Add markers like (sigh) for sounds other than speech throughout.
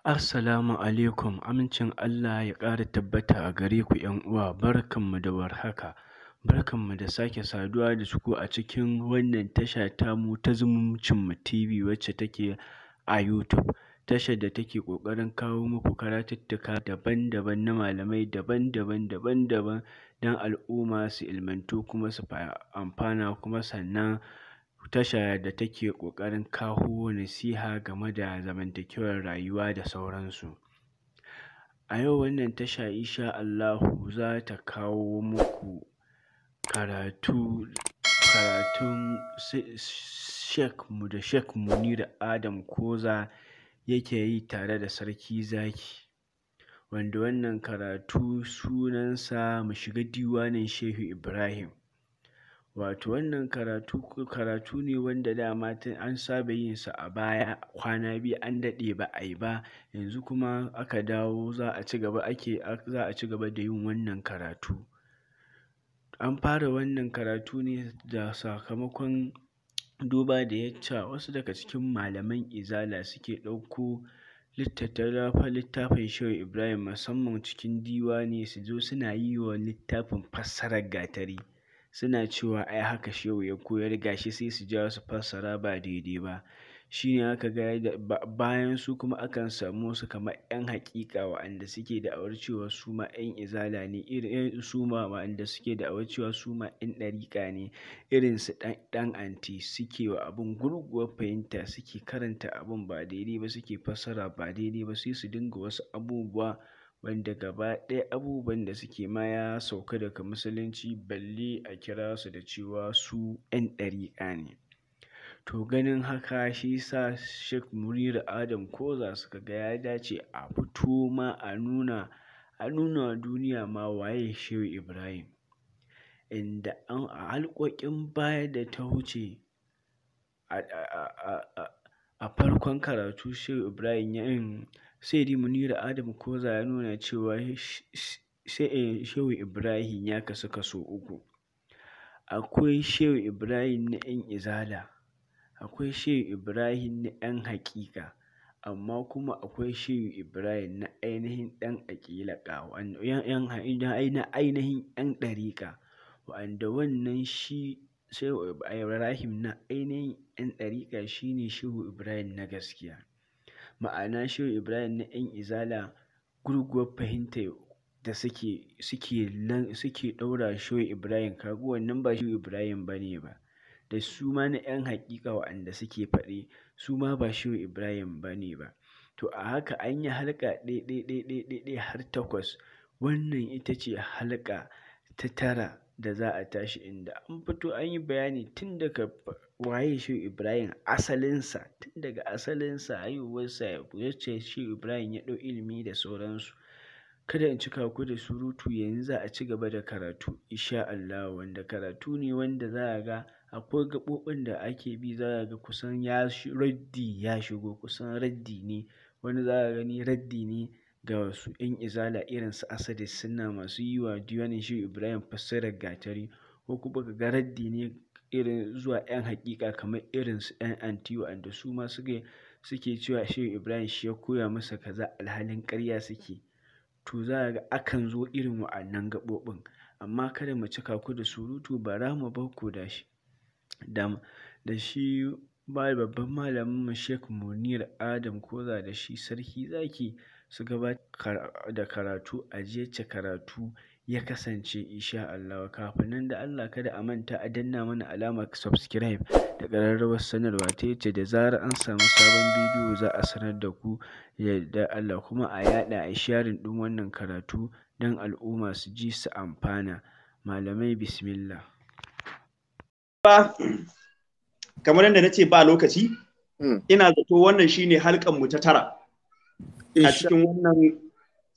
Assalamu alaikum, amincin Allah ya ƙara tabbata a gare ku uwa barkanmu da warhaka, barkanmu da sake saduwa da suku a cikin wannan tasha tamu ta zumuncinmu TV wacce take a YouTube, tasha da take ƙoƙarin kawo muku karatuttuka daban-daban na malamai daban-daban daban-daban don al'umma su ilmantu kuma su amfana kuma sannan tasha da take ƙoƙarin kawo nasiha game da zamantakewar rayuwa da sauransu. A yau wannan tasha insha Allahu za ta kawo muku karatu karatun Sheikh da Sheikh Munir Adam Koza yake yi tare da Sarki Zaki. Wanda wannan karatu sunansa mu shiga diwanin Shehu Ibrahim. Wato wannan karatu, karatu ne wanda dama tun an saba yin sa a baya kwana biyu an daɗe ba a yi ba. Yanzu kuma aka dawo za a ci gaba ake, za a ci gaba da yin wannan karatu. An fara wannan karatu ne da sakamakon duba da yacca wasu daga cikin malaman Izala suke ɗauko littattafa littafin Shehu Ibrahim musamman cikin Diwani su zo suna yi wa littafin fassarar gatari. suna cewa ai haka shi ya koyar shi sai su jawo su fassara ba daidai ba shi ne aka gaya da bayan su kuma akan samu su kamar 'yan haƙiƙa wa'anda suke da'awar cewa su ma 'yan izala ne irin su ma wa'anda suke da'awar cewa su ma 'yan ɗariƙa ne irin su ɗan anti suke wa abun gurguwar fahimta suke karanta abun ba daidai ba suke fassara ba daidai ba sai su dinga wasu abubuwa wanda gaba ɗaya abubuwan da suke ma ya sauka daga musulunci balle a kira su da cewa su 'yan ɗariƙa ne to ganin haka shi sa sheikh munir adam ko za su ga ya dace a fito ma a nuna a nuna duniya ma waye shehu ibrahim inda an a halkokin baya da ta wuce a farkon karatu shehu ibrahim ya yin. Saidi Muniru Adamu Koza ya nuna cewa eh, Shehu Ibrahim ya kasu kaso uku. Akwai Shehu Ibrahim na 'yan izala, akwai Shehu Ibrahim na 'yan hakika, amma kuma akwai Shehu Ibrahim na ainihin ɗan aƙilaƙa, na ainihin 'yan ɗariƙa, wanda wannan shi Shehu Ibrahim na ainihin 'yan ɗariƙa shi ne Shehu Ibrahim na gaskiya. ma'ana shehu ibrahim na yan izala gurguwar fahimta da suke nan suke ɗaura shehu ibrahim kaga wannan ba shehu ibrahim ba ne ba da su ma na yan haƙiƙa waɗanda suke faɗi su ma ba shehu ibrahim ba ne ba to a haka an yi halka ɗaiɗaiɗaiɗaiɗai har takwas wannan ita ce halka ta tara da za a tashi inda an fito an yi bayani tun daga waye shi Ibrahim asalinsa tun daga asalinsa haihuwarsa yace shi Ibrahim ya ɗau ilimi da sauransu kada in cika ku da surutu yanzu za a ci gaba da karatu isha Allah wanda karatu ne wanda za a ga akwai gaɓoɓin da ake bi za a ga kusan ya raddi ya shigo kusan raddi ne wani za a gani raddi ne ga wasu 'yan izala irin su asadi suna masu yiwa wa diwanin shi Ibrahim fassarar gatari ko kuma ga raddi ne irin zuwa 'yan haƙiƙa kamar irin su 'yan antiyo da su ma suke suke cewa Shehu Ibrahim shi ya koya masa kaza alhalin karya suke to za ga akan zo irin wa'annan gaɓoɓin amma kada mu cika ku da surutu ba ra mu ba ku da shi da shi babban malamin mu shek Munir Adam Koza da shi sarki zaki su gabatar da karatu a jece karatu ya kasance in sha kafinan Kafin nan da Allah kada a manta a danna mana alamar subscribe da ƙararrawar sanarwa ta yace da zarar an samu sabon bidiyo za a sanar da ku da Allah kuma a yada a sharing ɗin wannan karatu don al'umma su ji su amfana. Malamai bismillah. Ba kamar yadda na ce ba lokaci hmm. ina zato wannan shine halkan mu ta tara. a eh, cikin wannan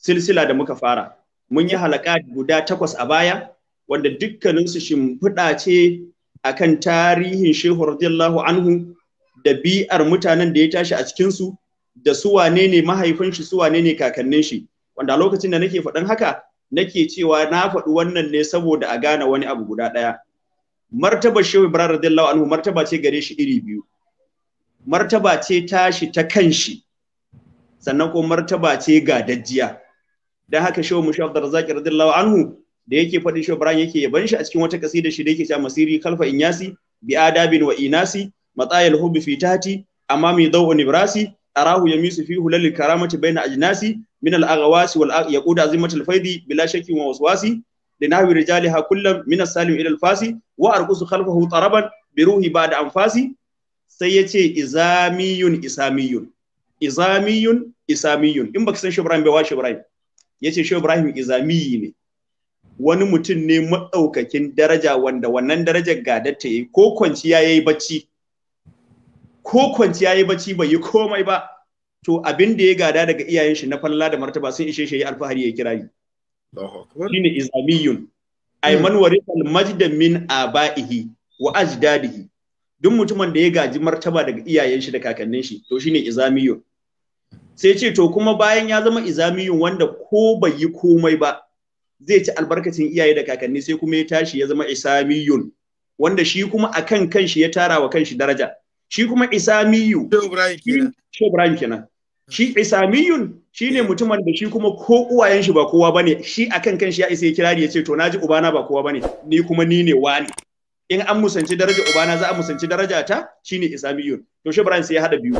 silsila da muka fara mun yi halaka guda takwas a baya wanda dukkaninsu shimfiɗa ce akan tarihin shehu radiyallahu anhu da bi'ar mutanen da ya tashi a cikinsu da su wane ne mahaifin su wane ne kakannin shi wanda lokacin da nake faɗin haka nake cewa na faɗi wannan ne saboda a gane wani abu guda ɗaya martaba shehu ibrahim radiyallahu anhu martaba ce gare shi iri biyu martaba ce tashi ta kan shi. sannan kuma martaba ce ga dajjiya dan haka shehu da abdurrazzaq radiyallahu anhu da yake faɗi shehu ibrahim yake yaban shi a cikin wata kasida shi da yake cewa masiri kalfa inyasi bi adabin wa inasi matayal hubbi fi tati amami dawu nibrasi arahu yamisu fi hulal karamati baina ajnasi min al aghwasi wal yaqud azimatul faidi bila shakki wa waswasi linahwi rijaliha kullam min as-salim ila al-fasi wa arqusu khalfahu taraban bi ruhi ba'da anfasi sai yace izamiyun isamiyun izamiyun isamiyun in baka san shi Ibrahim bai washe Ibrahim yace shi Ibrahim izamiyi ne wani mutum ne maɗaukakin daraja wanda wannan darajar gadar ta yi ko kwanciya yi bacci ko kwanciya yi bacci bai yi komai ba to abin da ya gada daga iyayen shi na falla da martaba sun ishe shi alfahari ya kirari shine izamiyun Ai man warithal majda min abaihi wa ajdadihi duk mutumin da ya gaji martaba daga iyayen shi da kakannin shi to shine izamiyun sai ce to kuma bayan ya zama izamiyun wanda ko bai yi komai ba zai ci albarkacin iyaye da kakanni sai kuma ya tashi ya zama isamiyun wanda shi kuma akan kanshi ya tara wa kanshi daraja shi kuma isamiyu shi Ibrahim kenan shi hmm. isamiyun shine hmm. mutumin da shi kuma ko uwayen shi ba kowa bane shi akan kanshi ya isa ya kirari ya ce to naji ubana ba kowa bane ni kuma ni ne wani in an musanci daraja ubana za a musanci daraja ta shine isamiyun to shi Ibrahim sai ya hada biyu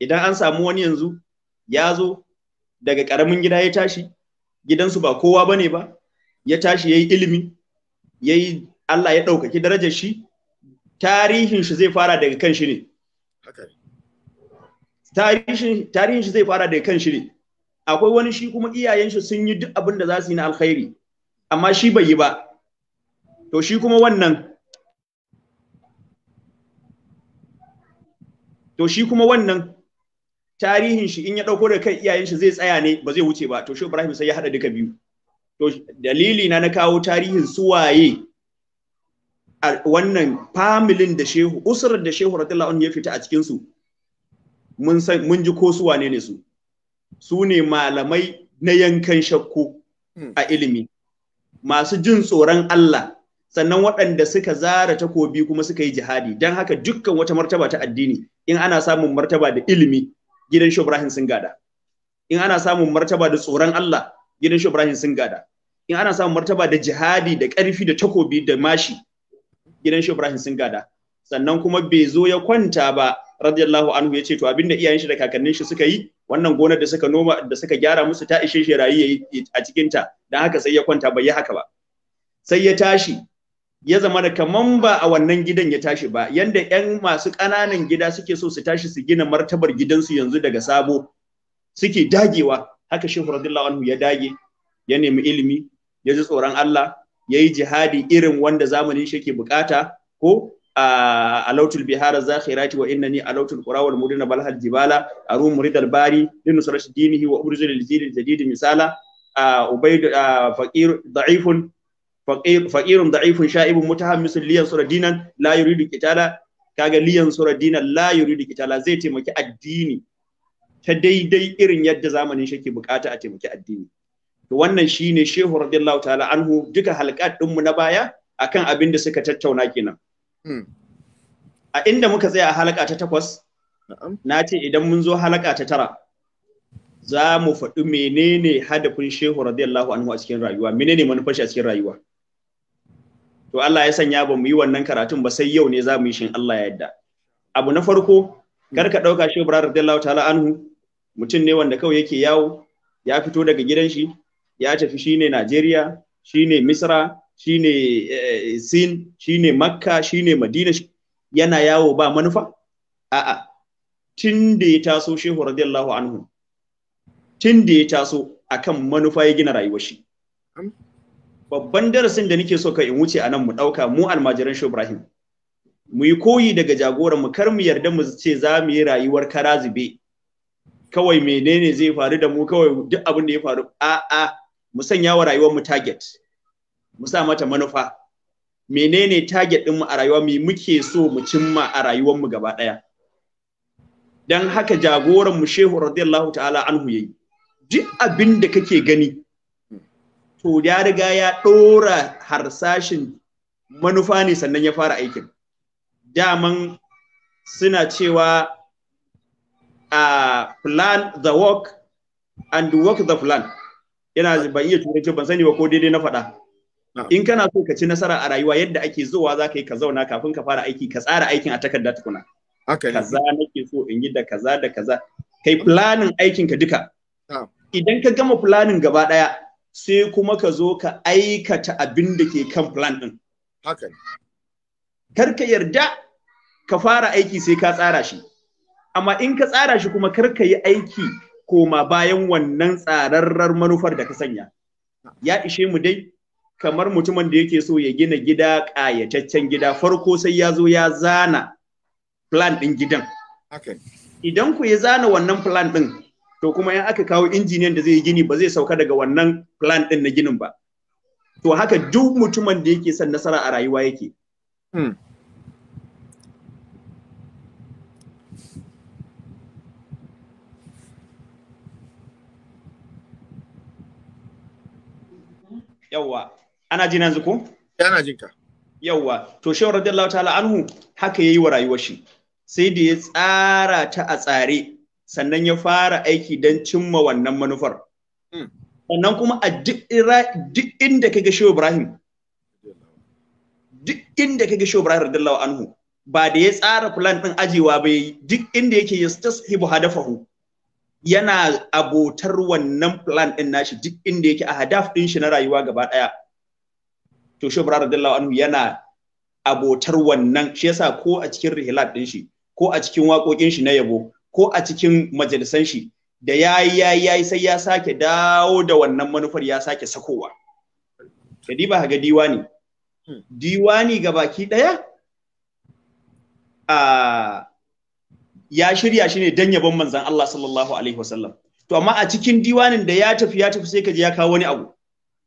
idan an samu wani yanzu ya zo daga ƙaramin gida ya tashi gidansu ba kowa ba ne ba ya tashi ya yi ilimi ya yi Allah ya ɗaukaki darajar shi tarihin shi zai fara daga kan shi ne tarihin shi zai fara daga kan shi ne akwai wani shi kuma iyayen shi sun yi duk abin da za su yi na alkhairi amma shi bai yi ba to shi kuma wannan to shi kuma wannan tarihin shi in ya dauko da kai iyayen shi zai tsaya ne ba zai wuce ba to shi Ibrahim sai ya hada duka biyu to dalili na na kawo tarihin suwaye wannan familin da shehu usrar da shehu radiyallahu anhu ya fita a cikin su mun san mun ji ko su wane ne su su ne malamai na yankan shakku hmm. a ilimi masu jin tsoron Allah sannan waɗanda suka zara takobi kuma suka yi jihadi don haka dukkan wata martaba ta addini in ana samun martaba da ilimi gidan shi Ibrahim sun gada in ana samun martaba da tsoron Allah gidan shi Ibrahim sun gada in ana samun martaba da jihadi da ƙarfi da takobi da mashi gidan shi Ibrahim sun gada sannan kuma bai zo ya kwanta ba radiyallahu anhu ya ce to abinda iyayen shi da kakannin shi suka yi wannan gonar da suka noma da suka gyara musu ta ishe shi rayi a cikinta. ta dan haka sai ya kwanta bai yi haka ba sai ya tashi ya zama da kaman ba a wannan gidan ya tashi ba yanda yan masu ƙananan gida suke so su tashi su gina martabar gidansu yanzu daga sabo suke dagewa haka shehu radiyallahu anhu ya dage ya nemi ilimi ya ji tsoron Allah ya yi jihadi irin wanda zamanin shi ke bukata ko a alautul bihara zakhirati wa innani alautul qura wal mudina bal hal jibala arum muridal bari lin nusrat dinihi wa urzil lil jadid misala ubayd faqir da'ifun faqirun da'ifun sha'ibun mutahammisun liyan sura dinan la yuridu qitala kaga liyan sura dinan la yuridu qitala zai taimaki addini ta daidai irin yadda zamanin shi ke bukata a taimaki addini to wannan shine shehu radiyallahu ta'ala anhu duka halqat din mu na baya akan abin da suka tattauna kenan hmm. a inda muka tsaya a halaka ta takwas na ce idan mun zo halaka ta tara za mu faɗi menene hadafin shehu radiyallahu anhu a cikin rayuwa menene manufar shi a cikin rayuwa to Allah ya sanya ba mu yi wannan karatun ba sai yau ne za mu yi shin Allah ya yadda abu na farko kar ka dauka shi Ibrahim radiyallahu ta'ala anhu mutum ne wanda kawai yake yawo ya fito daga gidan shi ya tafi shine Najeriya shine Misra shine eh, Sin shine Makka shine Madina yana yawo ba manufa a'a tun da ya taso shehu radiyallahu anhu tun da ya taso akan manufa ya gina rayuwar shi babban darasin da nake so ka in wuce a nan mu ɗauka mu almajiran shi Ibrahim. Mu yi koyi daga jagoran mu kar mu yarda mu ce za mu yi rayuwar kara zube. Kawai menene zai faru da mu kawai duk abin da ya faru a'a mu sanya wa rayuwar mu target. Mu sa mata manufa. Menene target ɗin mu a rayuwa mu muke so mu cimma a rayuwar mu gaba ɗaya. Dan haka jagoran mu Shehu radiyallahu ta'ala anhu yayi. Duk abin da kake gani to ya riga ya ɗora harsashin manufa ne sannan ya fara aikin daman suna cewa a plan the work and work the plan yana ban iya turanci ban sani ba ko daidai na faɗa in kana so ka ci nasara a rayuwa yadda ake zuwa za ka yi ka zauna kafin ka fara aiki ka tsara aikin a takarda tukuna kaza nake so in yi da kaza da kaza kai planning aikin ka duka idan ka gama planning gaba daya sai kuma ka zo ka aikata abin da ke kan plan ɗin. Haka Kar ka yarda ka fara aiki sai ka tsara shi. Amma in ka tsara shi kuma kar ka yi aiki koma bayan wannan tsararrar manufar da ka sanya. Ya ishe mu dai kamar mutumin da yake so ya gina gida ƙayataccen gida farko sai ya zo ya zana plan ɗin gidan. Idan ku ya zana wannan plan ɗin to kuma in aka kawo injiniyan da zai gini ba zai sauka daga wannan plan din na ginin ba to haka duk mutumin da yake son nasara a rayuwa yake hmm. yawwa ana ji yanzu ko ana jin ka yawwa to shehu radiyallahu ta'ala anhu haka yayi wa rayuwar shi sai da ya tsara ta a tsare sannan ya fara aiki don cimma wannan manufar hmm. sannan kuma a duk inda kaga shehu ibrahim duk inda kaga shehu ibrahim radiyallahu anhu ba da ya tsara plan ɗin ajiyewa ba yi duk inda yake yastashibu hadafahu yana abotar wannan plan ɗin nashi duk inda yake a hadaf ɗin shi na rayuwa gaba ɗaya. to shi ibrahim radiyallahu anhu yana abotar wannan shi yasa ko a cikin rihilat ɗin shi ko a cikin waƙoƙin shi na yabo ko a cikin majalisan shi da yayi yayi yayi sai ya sake dawo da wannan manufar ya sake sakowa kadi ba ga diwani hmm. diwani ga baki ɗaya ya shirya shi ne dan yabon manzon Allah sallallahu alaihi wasallam to amma a cikin diwanin da ya tafi ya tafi sai ka ya kawo wani abu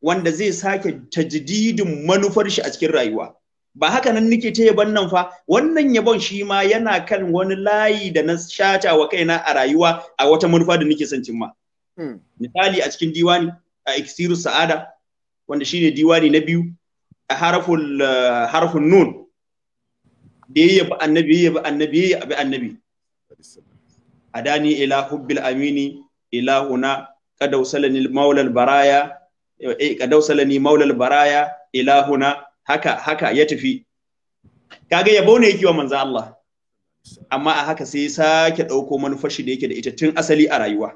wanda zai sake tajdidin manufar shi a cikin rayuwa ba haka nan nake ta yabon nan fa wannan yabon shi ma yana kan wani layi da na shata wa kaina a rayuwa a wata manufa da nake son cimma hmm. misali a cikin diwani a iksiru sa'ada wanda shine diwani na biyu a haraful eh, harfun nun da ya yabi annabi ya yabi annabi ya yabi annabi adani ila hubbil amini ila huna wasalani maulal baraya eh, qad maulal baraya huna haka haka ya tafi kaga yabo ne yake wa manzo Allah amma a haka sai ya sake ɗauko manufar shi da yake da ita tun asali a rayuwa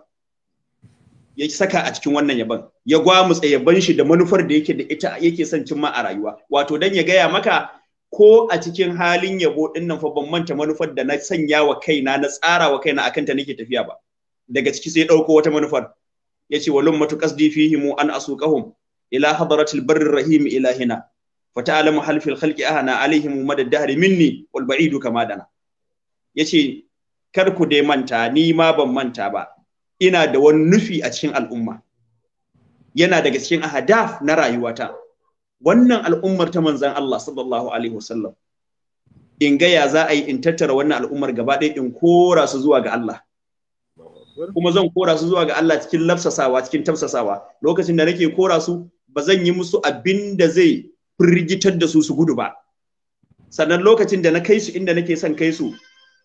ya saka a cikin wannan yaban ya gwamutsa yaban shi da manufar da yake da ita yake son cimma a rayuwa wato dan ya gaya maka ko a cikin halin yabo din nan fa ban manta manufar da na sanya wa kaina na tsara wa kaina akan ta nake tafiya ba daga ciki sai ɗauko wata manufar yace walum matu qasdi mu an asuqahum ila hadratil barri rahim ilahina Wata'ala ta'lamu halki khalqi ahana alaihim madad dahri minni wal ba'idu kama dana yace kar ku dai manta ni ma ban manta ba ina da wani nufi a cikin al'umma yana daga cikin ahadaf na rayuwata wannan al'ummar ta manzan Allah sallallahu alaihi wasallam in ga ya za a yi in tattara wannan al'ummar gaba ɗaya in kora su zuwa ga Allah kuma zan kora su zuwa ga Allah cikin lafsasawa cikin tafsasawa lokacin da nake kora su ba zan yi musu abin da zai firgitar da su su gudu ba sannan lokacin da na kai su inda nake son kai su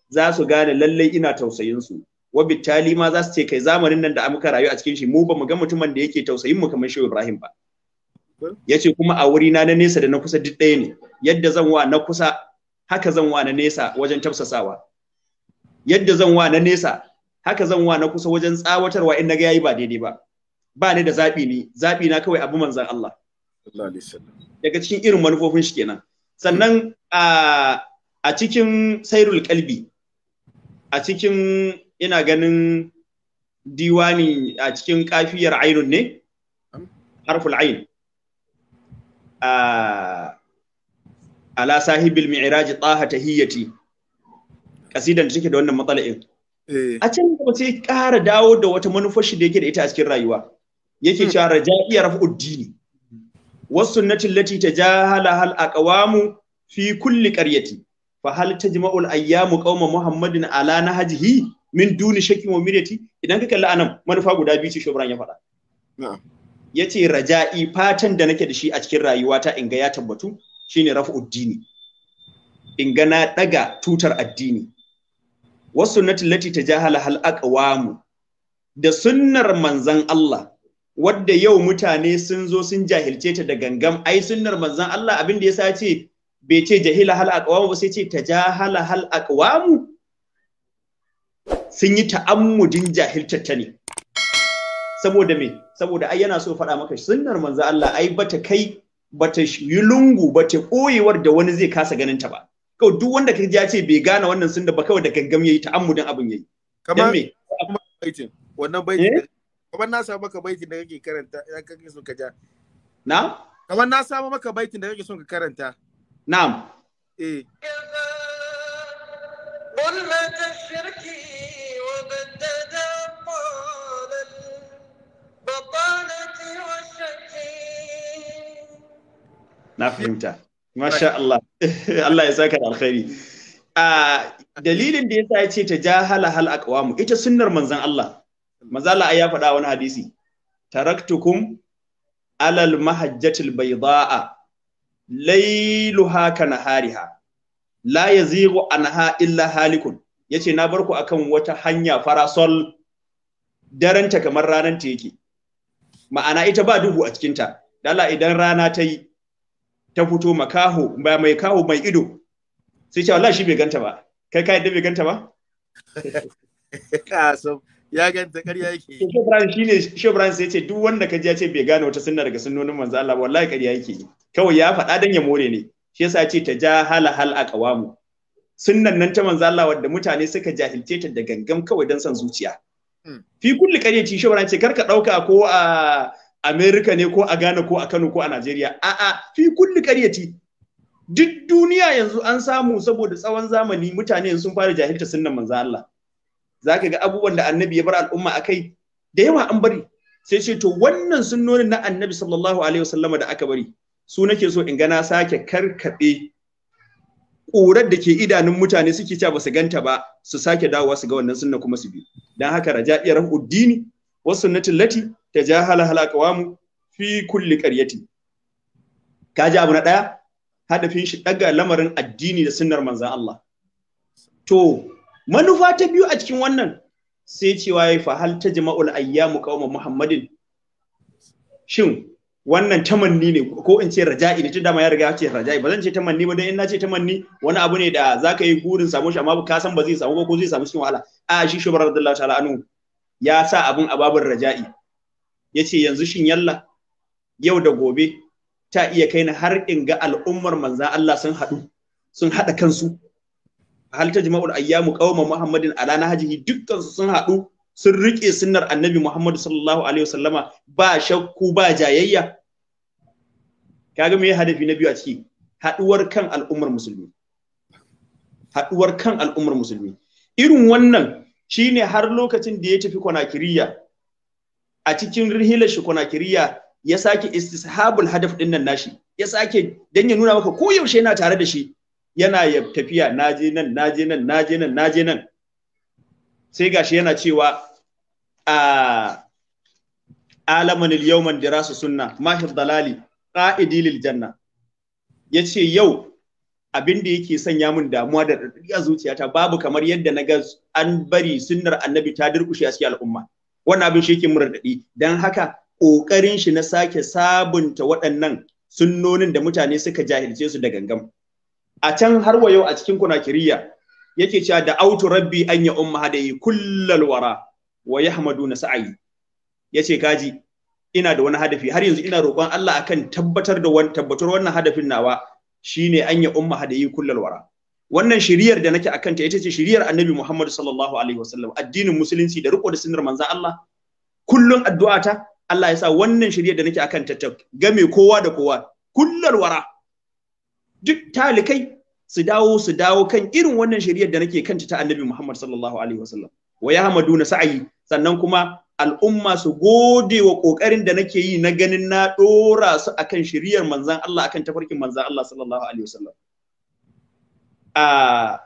za su gane lallai ina tausayin su wa ma za su ce kai zamanin nan da muka rayu a cikin shi mu ba mu ga mutumin da yake tausayin mu kamar Shehu Ibrahim ba Ya ce kuma a wuri na na nesa da na kusa duk ɗaya ne yadda zan wa na kusa haka zan wa na nesa wajen tafsasawa yadda zan wa na nesa haka zan wa na kusa wajen tsawatarwa in na ga yayi ba daidai ba ba ni da zaɓi ni zaɓi na kawai abu manzan Allah Allah daga cikin irin manufofin shi kenan sannan a cikin sairul kalbi a cikin ina ganin diwani a cikin kafiyar ainun ne harful ain ala sahibil mi'raji taha tahiyyati kasidan da take da wannan matsala'in eh. a can kuma sai kara dawo da wata manufar shi da yake da ita a cikin rayuwa yake hmm. cewa raja'iya uddini والسنة التي تجاهلها الأقوام في كل قرية فهل تجمع الأيام ala na على min من دون wa miliyati. idan ka kalli anan manufa guda biyu ce ya faɗa ce raja'i fatan da nake da shi a cikin rayuwata in ga ya tabbatu shine rafa in ga na daga tutar addini wasu sunnati ta tajahala a aqwamu da sunnar manzan Allah wadda yau mutane sun zo sun jahilce ta da gangam ai sunnar manzon Allah abin da yasa ce bai ce jahila hal aqwamu ba sai ce tajahala hal aqwamu sun yi ta'ammudin jahiltar ta ne saboda me saboda ai yana so faɗa maka sunnar manzon Allah ai bata kai bata yi lungu bata koyewar da wani zai kasa ganin ta ba kawai duk wanda ka ya ce bai gane wannan sunna ba kawai da gangam yayi ta'ammudin abin yayi kamar wannan bai kamar na samu maka baitin da kake karanta idan kake so ka نعم na'am kamar na samu maka baitin da kake so نعم karanta na'am eh قل مدى الشركي وبدد أقوال البطالة والشكي نعم ما شاء الله الله يساك على الخير آه دليل اللي يسا يتي تجاهل هل أقوام إيجا سنر منزان الله mazala Allah ya faɗa wani hadisi taraktukum alal mahajjatil bayda'a lailuha ka nahariha la yazighu anha illa halikun yace na barku akan wata hanya farasol daranta kamar ranar ta yake ma'ana ita ba duhu a cikinta dala idan rana ta yi ta fito makaho ba mai kaho mai ido sai cewa Allah shi bai ganta ba kai ka da bai ganta ba (laughs) ya ganta ƙarya yake yi shebran shine sai ce duk wanda kaji ya ce bai gane wata sunna daga sunnonin manzo Allah ba wallahi ƙarya yake yi kawai ya faɗa dan ya more ne shi yasa ce ta ja hala hal ƙawamu. sunnan nan ta manzo Allah wadda mutane suka jahilce ta da gangam kawai dan san zuciya hmm. fi kulli ƙaryaci shebran ce karka dauka ko a Amerika ne ko a Ghana ko a Kano ko a Najeriya a'a fi kulli ce duk duniya yanzu an samu saboda tsawon zamani mutane sun fara jahilta sunnan manzo Allah zaka ga abubuwan da annabi ya bar al'umma akai da yawa an bari sai ce to wannan sunnonin na annabi sallallahu alaihi wasallama da aka bari su nake so in ga na sake karkaɗe ƙurar da ke idanun mutane suke cewa ba su ganta ba su sake dawowa su ga wannan sunna kuma su bi dan haka raja'iyar uddini wa sunnatin lati tajahala halaqawamu fi kulli qaryati kaji abu na daya hadafin shi daga lamarin addini da sunnar manzon Allah to manufa ta biyu a cikin wannan sai cewa ya fa hal ta jama'ul ayyamu qauma muhammadin shin wannan tamanni ne ko in ce raja'i ne tun dama ya riga ya ce raja'i ba zan ce tamanni ba dan in na ce tamanni wani abu ne da zaka yi gurin samu shi amma ka san ba zai samu ko zai samu cikin wahala a shi shubar radiyallahu ta'ala anu ya sa abun ababin raja'i yace yanzu shin yalla yau da gobe ta iya kai ni har in ga al'ummar manzan Allah sun haɗu sun haɗa kansu hal jama'ul ayyamu qauma muhammadin ala nahjihi dukkan sun haɗu sun rike sunnar annabi muhammad sallallahu alaihi wasallama ba shakku ba jayayya kaga me hadafi na biyu a ciki haɗuwar kan al'ummar musulmi haɗuwar kan al'ummar musulmi irin wannan shine har lokacin da ya tafi konakiriya a cikin rihilar shi konakiriya ya sake istishabul hadaf din nashi ya sake dan ya nuna maka ko yaushe yana tare da shi yana ya tafiya naje nan naje nan naje nan naje nan sai gashi yana cewa a alaman yawman dirasu sunna mahir dalali qa'idi lil janna yace yau abin da yake sanya min damuwa da radadi a zuciyata babu kamar yadda na ga an bari sunnar annabi ta durkushe a cikin al'umma wannan abin shi yake min radadi dan haka kokarin shi na sake sabunta waɗannan sunnonin da mutane suka jahilce su da gangam a can har wa yau a cikin kunakiriya yake cewa da autu rabbi an ya umma hadayi kullal wara wa yahmaduna sa'i yace kaji ina da wani hadafi har yanzu ina roƙon Allah akan tabbatar da wani tabbatar wannan hadafin nawa shine an ya umma hadayi kullal wara wannan shiriyar da nake akan ta ita ce shiriyar Annabi Muhammad sallallahu alaihi wasallam addinin musulunci da riko da sunnar manzon Allah kullun addu'ata Allah ya sa wannan shiriyar da nake akan ta game kowa da kowa kullal wara duk talikai su dawo su dawo kan irin wannan shari'ar da nake kanta ta annabi Muhammad sallallahu alaihi wasallam wa na sa'ayi sannan kuma al'umma su gode wa kokarin da nake yi na ganin na dora su akan shari'ar manzan Allah akan tafarkin manzan Allah sallallahu alaihi wasallam a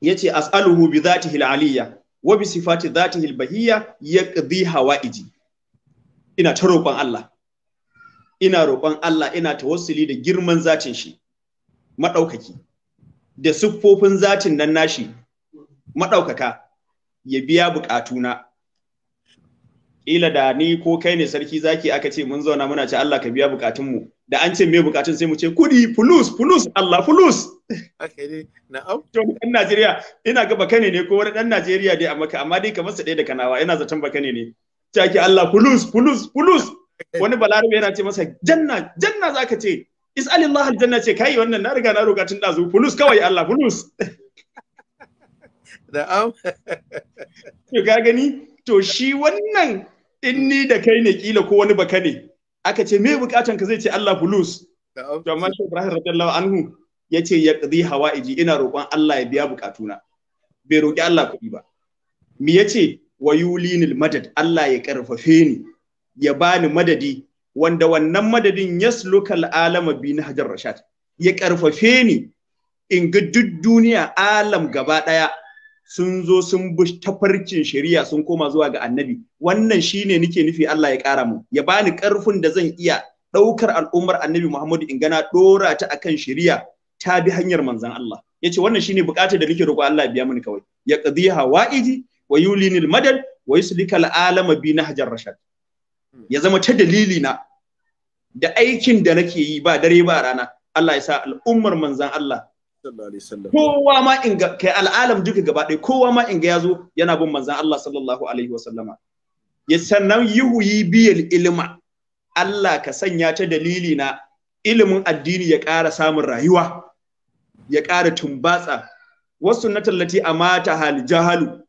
yace as'aluhu bi dhatihi aliyya wa bi sifati dhatihi al-bahiyya yaqdi hawaiji ina ta roƙon Allah ina roƙon Allah ina tawassuli da girman zatin shi maɗaukaki da siffofin zatin nan nashi maɗaukaka ya biya buƙatuna ila da ni ko kai ne sarki zaki aka ce mun zauna muna ce Allah ka biya buƙatunmu da an ce me buƙatun sai mu ce kudi fulus fulus Allah fulus aka ne na'am to ɗan Najeriya ina ga bakane ne ko wani ɗan Najeriya dai amma amma dai kamar sa ɗaya da kanawa ina zaton bakane ne take Allah fulus fulus fulus wani balarabe yana ce masa janna janna zaka ce is'alillah aljanna ce kai wannan na riga na roƙa tun dazu fulus kawai Allah fulus (laughs) na'am (laughs) to ga gani to shi wannan in ni da kai ne kila ko wani baka ne aka ce me bukatan ka zai ce Allah fulus to amma shi Ibrahim radiyallahu anhu yace qadi hawaiji ina roƙon Allah ya biya bukatuna bai roƙi Allah kuɗi ba mi yace wa yulinil madad Allah ya karfafe ni ya bani madadi wanda wannan madadin lokal alama bi na hajar rashad ya karfafe ni in ga duk duniya alam gaba daya sun zo sun bi tafarkin shari'a sun koma zuwa ga annabi wannan shine nake nufi Allah ya kara mu ya bani karfin da zan iya daukar al'ummar annabi Muhammadu in gana dora ta akan shari'a ta bi hanyar manzon Allah yace wannan shine bukatar da nike roƙo Allah ya biya mini kawai ya qadhiha wa'idi wa yulinil madad wa yuslikal alama bi na hajar rashad ya zama ta dalili na da aikin da nake yi ba dare ba rana Allah ya sa al'ummar manzan Allah kowa ma in ga kai al'alam duka gaba ɗaya kowa ma in ga ya zo yana bin manzan Allah sallallahu alaihi wasallama ya sannan yuhuyi biyal ilma Allah ka sanya ta dalili na ilimin addini ya ƙara samun rayuwa ya ƙara tumbatsa wasu na tallati a mata hal jahalu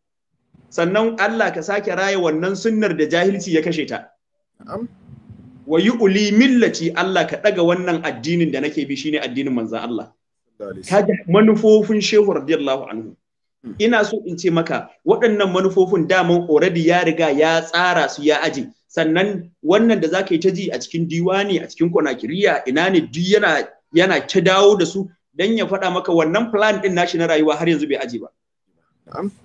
sannan Allah ka sake raya wannan sunnar da jahilci ya kashe ta wa yi uli, millaci Allah ka ɗaga wannan addinin da nake bi shine addinin manzon Allah kaji manufofin shehu radiyallahu anhu hmm. ina so in ce maka waɗannan manufofin daman already ya riga ya tsara su ya aji. sannan wannan da zaka yi ta ji a cikin diwa ne a cikin konakiriya ina ne duk yana ta dawo da su dan ya faɗa maka wannan plan ɗin nashi na rayuwa har yanzu bai aji ba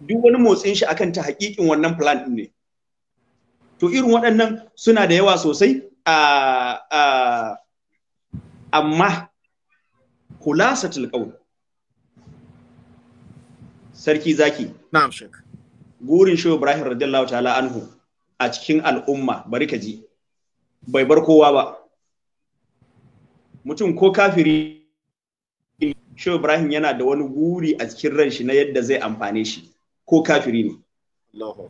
duk wani motsin shi akan ta hakikin wannan plan din ne to irin waɗannan suna da yawa sosai a amma khulasatul qaul sarki zaki gurin shehu ibrahim radiyallahu ta'ala anhu a cikin al'umma bari ka ji bai bar kowa ba mutum ko kafiri shehu ibrahim yana da wani guri a cikin ran shi na yadda zai amfane shi ko kafiri ne Allahu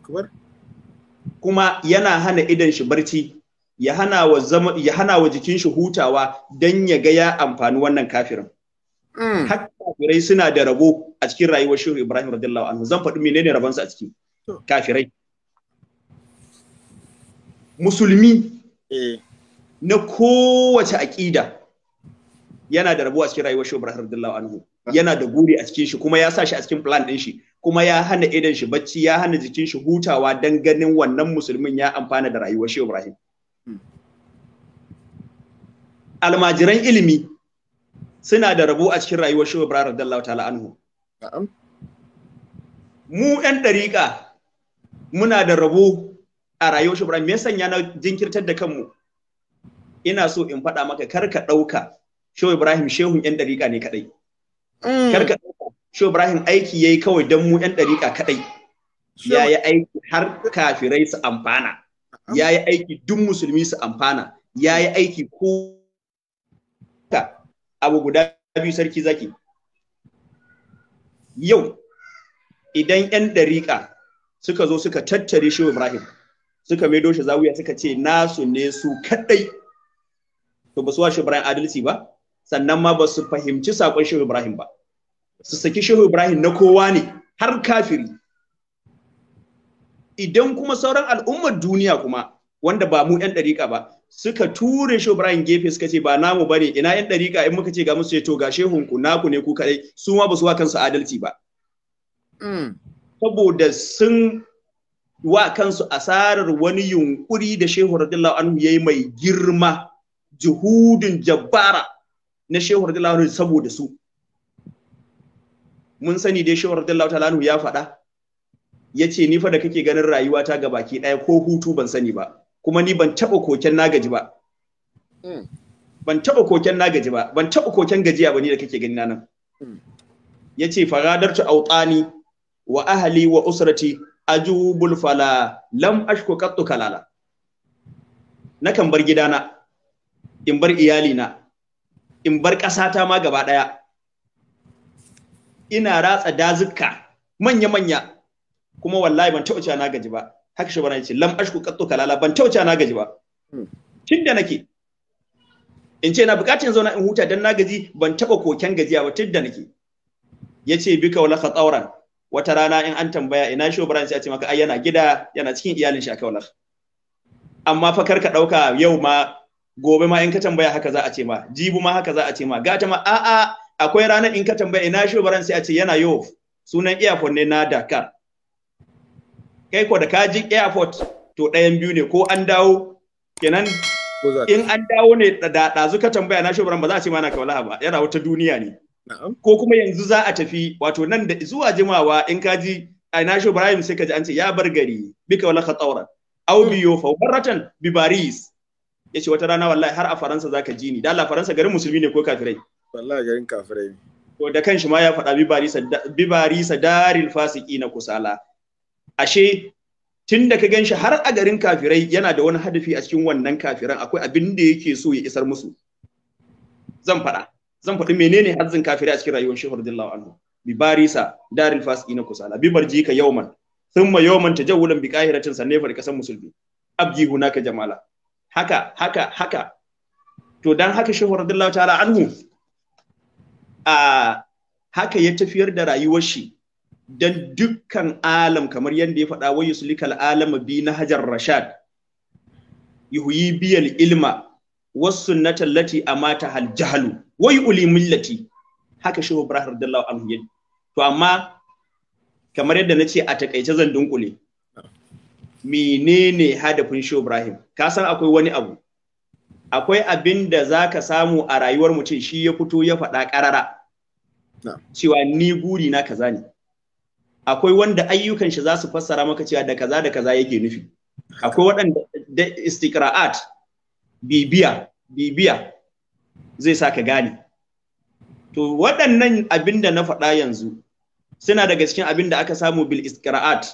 kuma yana hana idan shi barci ya hana wa zama ya hana wa jikin shi hutawa dan ya ga ya amfani wannan kafirin hmm. har kafirai suna da rabo a cikin rayuwar shehu ibrahim radiyallahu anhu zan faɗi menene rabon su a ciki kafirai musulmi eh. na kowace aƙida yana da rabo a cikin rayuwar shi Ibrahim Abdullahi anhu yana da guri a cikin shi kuma ya sa shi a cikin plan din shi kuma ya hana idan shi bacci ya hana jikin shi hutawa dan ganin wannan musulmin ya amfana da rayuwar shi Ibrahim almajiran ilimi suna da rabo a cikin rayuwar shi Ibrahim Abdullahi ta'ala anhu mu ɗan ɗariƙa muna da rabo a rayuwar shi Ibrahim me yasa na jinkirtar da kanmu ina so in faɗa maka kar ka ɗauka Shehu Ibrahim shehun ƴan dariƙa ne kaɗai mm. Karka Shehu Ibrahim aiki yayi kawai don mu ƴan dariƙa kadai. yi aiki har kafirai su amfana. Mm. Ya yi aiki duk musulmi su amfana. Ya yi aiki ko abu guda biyu sarki zaki. Yau idan yan dariƙa suka zo suka tattare Shehu Ibrahim suka maido shi zawiya suka ce nasu ne su kaɗai to ba su wa Shehu Ibrahim adalci ba sannan ma ba su fahimci sakon shehu ibrahim ba su saki shehu ibrahim na kowa ne har kafiri idan kuma sauran al'ummar duniya kuma wanda ba mu yan ɗariƙa ba suka ture shehu ibrahim gefe suka ce ba namu ba ne ina yan ɗariƙa in muka ce ga musu to ga shehun ku naku ne ku kaɗai su ma ba su wa kansu adalci ba mm. saboda sun wa kansu asarar wani yunƙuri da shehu radiyallahu anhu yayi mai girma juhudin jabbara na shehu radiyallahu saboda su mun sani dai shehu radiyallahu ta'ala anhu ya faɗa yace ni fa da kake ganin rayuwa ta ga baki ɗaya ko hutu ban sani ba kuma ni ban taɓa koken na gaji ba hmm. ban taɓa koken na gaji ba ban taɓa koken gajiya ba ni da kake gani na nan hmm. yace faradartu autani wa Ahali wa usrati ajubul fala lam ashku kalala nakan bar gidana in bar iyalina in bar ƙasata ma gaba ɗaya ina ratsa dazuka manya-manya kuma wallahi ban taɓa na gaji ba haka shi bana ce lam ashku qattu kalala ban taɓa na gaji ba hmm. tun da nake in ce na bukatun zauna in huta dan na gaji ban taɓa koken gajiya ba tun da nake yace bika wala tsauran. wata rana in an tambaya ina shi bana ce a ce maka ai yana gida yana cikin iyalin shi aka wala amma fa kar ka dauka yau ma gobe ma in ka tambaya haka za a ce ma jibu ma haka za a ce ma gata ma a'a akwai ranar in ka tambaya ina baran sai a ce yana yof sunan airport ne na Dakar kai ko da ka ji airport to ɗayan biyu ne ko an dawo kenan in an dawo ne da ɗazu ka tambaya na shubaran ba za a ce ma na kawala ba yana wata duniya ne ko kuma yanzu za a tafi wato nan da zuwa jimawa in ka ji a na shugaban sai ka ji an ce ya bar gari bika wala khatauran au biyo fa waratan bi baris ce wata rana wallahi har a Faransa zaka ji ni da Allah Faransa garin musulmi ne ko kafirai wallahi garin kafirai ne to da kanshi ma ya faɗa bibarisa bibarisa daril fasiki na kusala ashe tun da ka ganshi har a garin kafirai yana da wani hadafi a cikin wannan kafiran akwai abin da yake so ya isar musu zan faɗa zan faɗi menene hazzin kafirai a cikin rayuwar shehu radiyallahu anhu bi barisa daril na kusala bi barjika yawman thumma yawman tajawulan bi qahiratin sanne fa kasan musulmi abji hunaka jamala haka haka haka to dan haka shehu radiyallahu ta'ala anhu a haka ya tafiyar da rayuwar shi dan dukkan alam kamar yadda ya faɗa wayu sulikal alama bi na hajar rashad yuhyi biyal ilma was sunnata allati amata hal jahlu wayu uli millati haka shehu ibrahim radiyallahu anhu to amma kamar yadda nace a takaice zan dunkule menene hadafin shi Ibrahim ka san akwai wani abu akwai abin da za ka samu a rayuwar mutum shi ya fito ya faɗa ƙarara cewa ni guri na kaza ne akwai wanda ayyukan shi za su fassara maka cewa da kaza da kaza yake nufi akwai waɗanda istiqra'at istikra'at bibiya bibiya zai sa ka gane to waɗannan abin da na faɗa yanzu suna daga cikin abin da aka samu bil istikra'at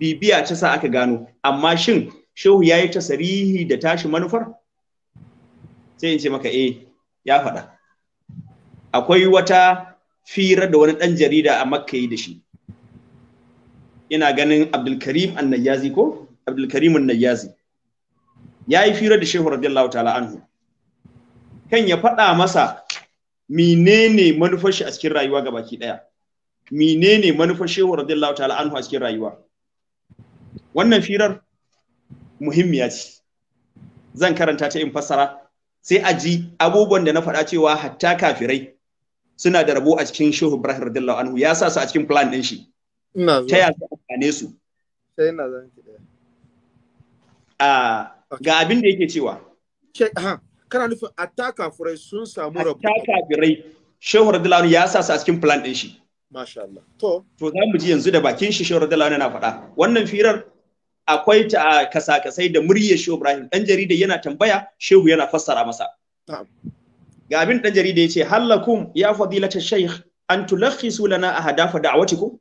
bibiya ta sa aka gano amma shin shehu ya yi tasarihi da tashi manufar sai in ce maka eh ya faɗa akwai wata fira da wani ɗan jarida a makka yi da shi ina ganin abdulkarim annayazi ko abdulkarim annayazi ya yi fira da shehu radiyallahu ta'ala anhu kan ya faɗa masa menene manufar shi a cikin rayuwa ga baki ɗaya menene manufar shehu radiyallahu ta'ala anhu a cikin rayuwa wannan firar muhimmiya ce zan karanta ta in fassara sai a ji abubuwan da na faɗa cewa hatta kafirai suna da rabo a cikin shehu ibrahim radiyallahu anhu ya sa su a cikin plan ɗin shi ta ya su amfane su ga abin da yake cewa kana nufin hatta kafirai sun samu rabo hatta kafirai shehu radiyallahu anhu ya sa su a cikin plan ɗin shi Masha Allah. To, to za mu ji yanzu da bakin shi da Radala na faɗa. Wannan firar akwai ta kasa-kasai da muryar Shehu Ibrahim dan jarida yana tambaya Shehu yana fassara masa ga abin dan jarida yace hallakum ya fadilata shaykh an tulakhisu lana ahdafa da'watikum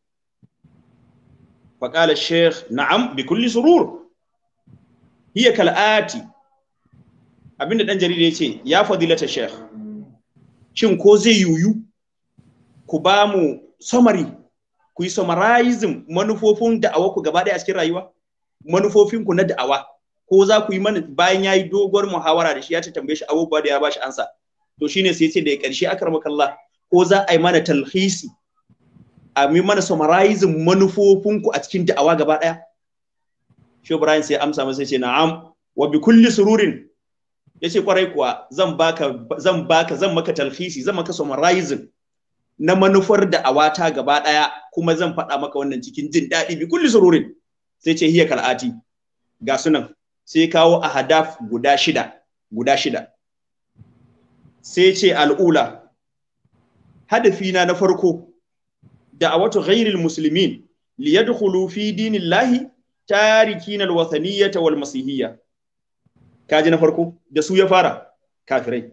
na'am bi kulli surur. Hiya kal'ati. Abin abinda dan jarida ya ce ya fadilata sheikh shin ko zai yuyu ku ba mu summary ku yi summarizing manufofin da'awa ku gaba ɗaya a cikin rayuwa manufofinku na da'awa ko za ku yi mana bayan ya yi doguwar muhawara da shi ya ce tambaye shi abubuwa da ya ba shi ansa to shine sai ce da ya karshe akar makalla ko za a yi mana talhisi a mi mana summarizing manufofinku a cikin da'awa gaba daya shi Ibrahim sai amsa masa ce na'am wa bi kulli sururin yace kwarai kuwa zan baka zan maka talhisi zan maka summarizing na manufar da'awa ta gaba daya kuma zan faɗa maka wannan cikin jin daɗi bi kulli sururin sai ce hiya kal'ati ga sunan sai kawo ahadaf guda shida guda shida sai ce al'ula hadafina na farko wata ghairil wata liyadkhulu fi dinillahi tarikina alwathaniyata wal masihiyya kaji na farko da su ya fara kafirai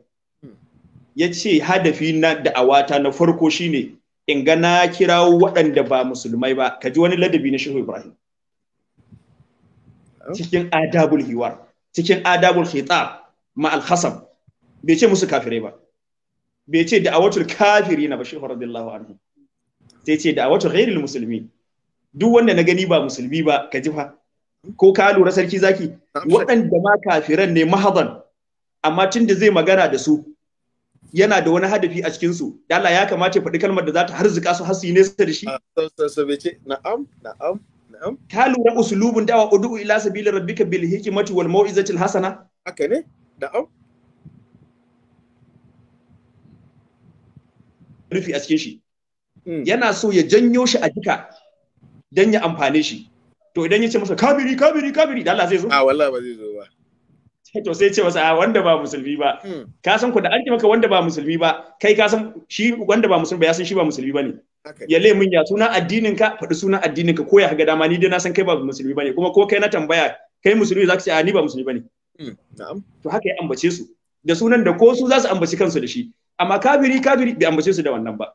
ce hadafi na da awata na farko shine in ga na kirawo waɗanda ba musulmai ba kaji wani ladabi na Shehu Ibrahim cikin adabul hiwar cikin adabul khitab ma al khasab bai ce musu kafirai ba bai ce da awatul kafiri na bashir radiyallahu anhu sai ce da awatul ghairil musulmi duk wanda na gani ba musulmi ba ka ji fa ko ka lura sarki zaki waɗanda ma kafiran ne mahadan amma tun da zai magana da su yana da wani hadafi a cikin su Allah ya kamata ya faɗi kalmar da za ta harzuka su har nesa da shi ah, na'am na'am ka lura usulubun dawa ud'u ila sabili rabbika bil hikmati wal mau'izati al hasana haka ne na'am rufi a cikin shi hmm. yana so ya janyo shi a jika dan ya amfane shi to idan ya ce masa kabiri kabiri kabiri da Allah zai zo a wallahi ba zai zo (laughs) to sai ce masa wanda ba musulmi ba hmm. ka san ku da an maka wanda ba musulmi ba kai ka san shi wanda ba musulmi ba ya san shi ba musulmi bane ya le mun ya suna addinin ka faɗi sunan addinin ka ko ya ga dama ni dai na san kai ba musulmi bane kuma ko kai na tambaya kai musulmi zaka ce a ni ba musulmi bane hmm, na'am to haka ya ambace su da sunan da ko su za su ambaci kansu da shi amma kafiri kafiri bai ambace su da wannan ba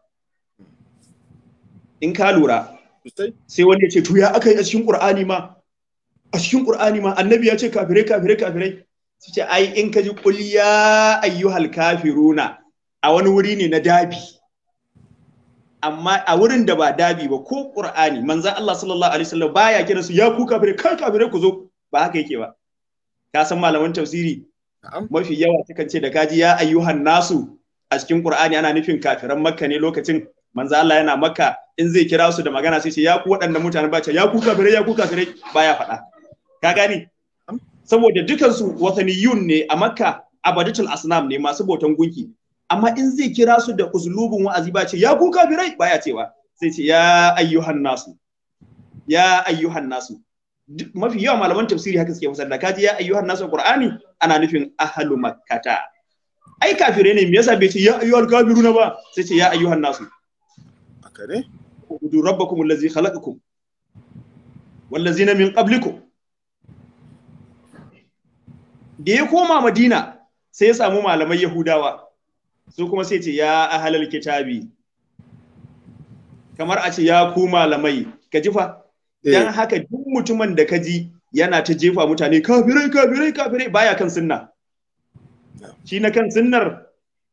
in ka lura sai wani ya ce to ya aka yi a cikin qur'ani ma a cikin qur'ani ma annabi ya ce kafirai kafirai kafirai suce ai in ka ji ya ayyuhal kafiruna a wani wuri ne na dabi amma a wurin da ba dabi ba ko qur'ani manzo Allah sallallahu alaihi wasallam baya kira su ya ku kafire kai kafire ku zo ba haka yake ba ka san malaman tafsiri mafi yawa sukan ce da kaji ya ayyuhan nasu a cikin qur'ani ana nufin kafiran makka ne lokacin manzo Allah yana makka in zai kira su da magana sai ce ya ku waɗanda mutane ba ce ya ku kafire ya ku kafire baya faɗa ka gani saboda dukansu wataniyun ne a makka abadatul asnam ne masu bautan gunki amma in zai kira su da uslubun wa'azi ba ce ya ku kafirai baya cewa sai ce ya ayyuhan nasu ya ayyuhan nasu mafi yawa malaman tafsiri haka suke fasar da kaji ya ayyuhan nasu qur'ani ana nufin ahlu makkata ai kafirai ne me yasa bai ce ya ayyuhan kafiruna ba sai ce ya ayyuhan nasu akare udu rabbakum allazi khalaqakum wallazina min qablikum da ya koma madina sai ya samu malamai yahudawa su kuma sai ce ya ahalal kitabi kamar a ce ya ku malamai ka jifa eh. dan haka duk mutumin da ka ji yana ta jefa mutane kafirai kafirai kafirai baya kan sunna shi na kan sunnar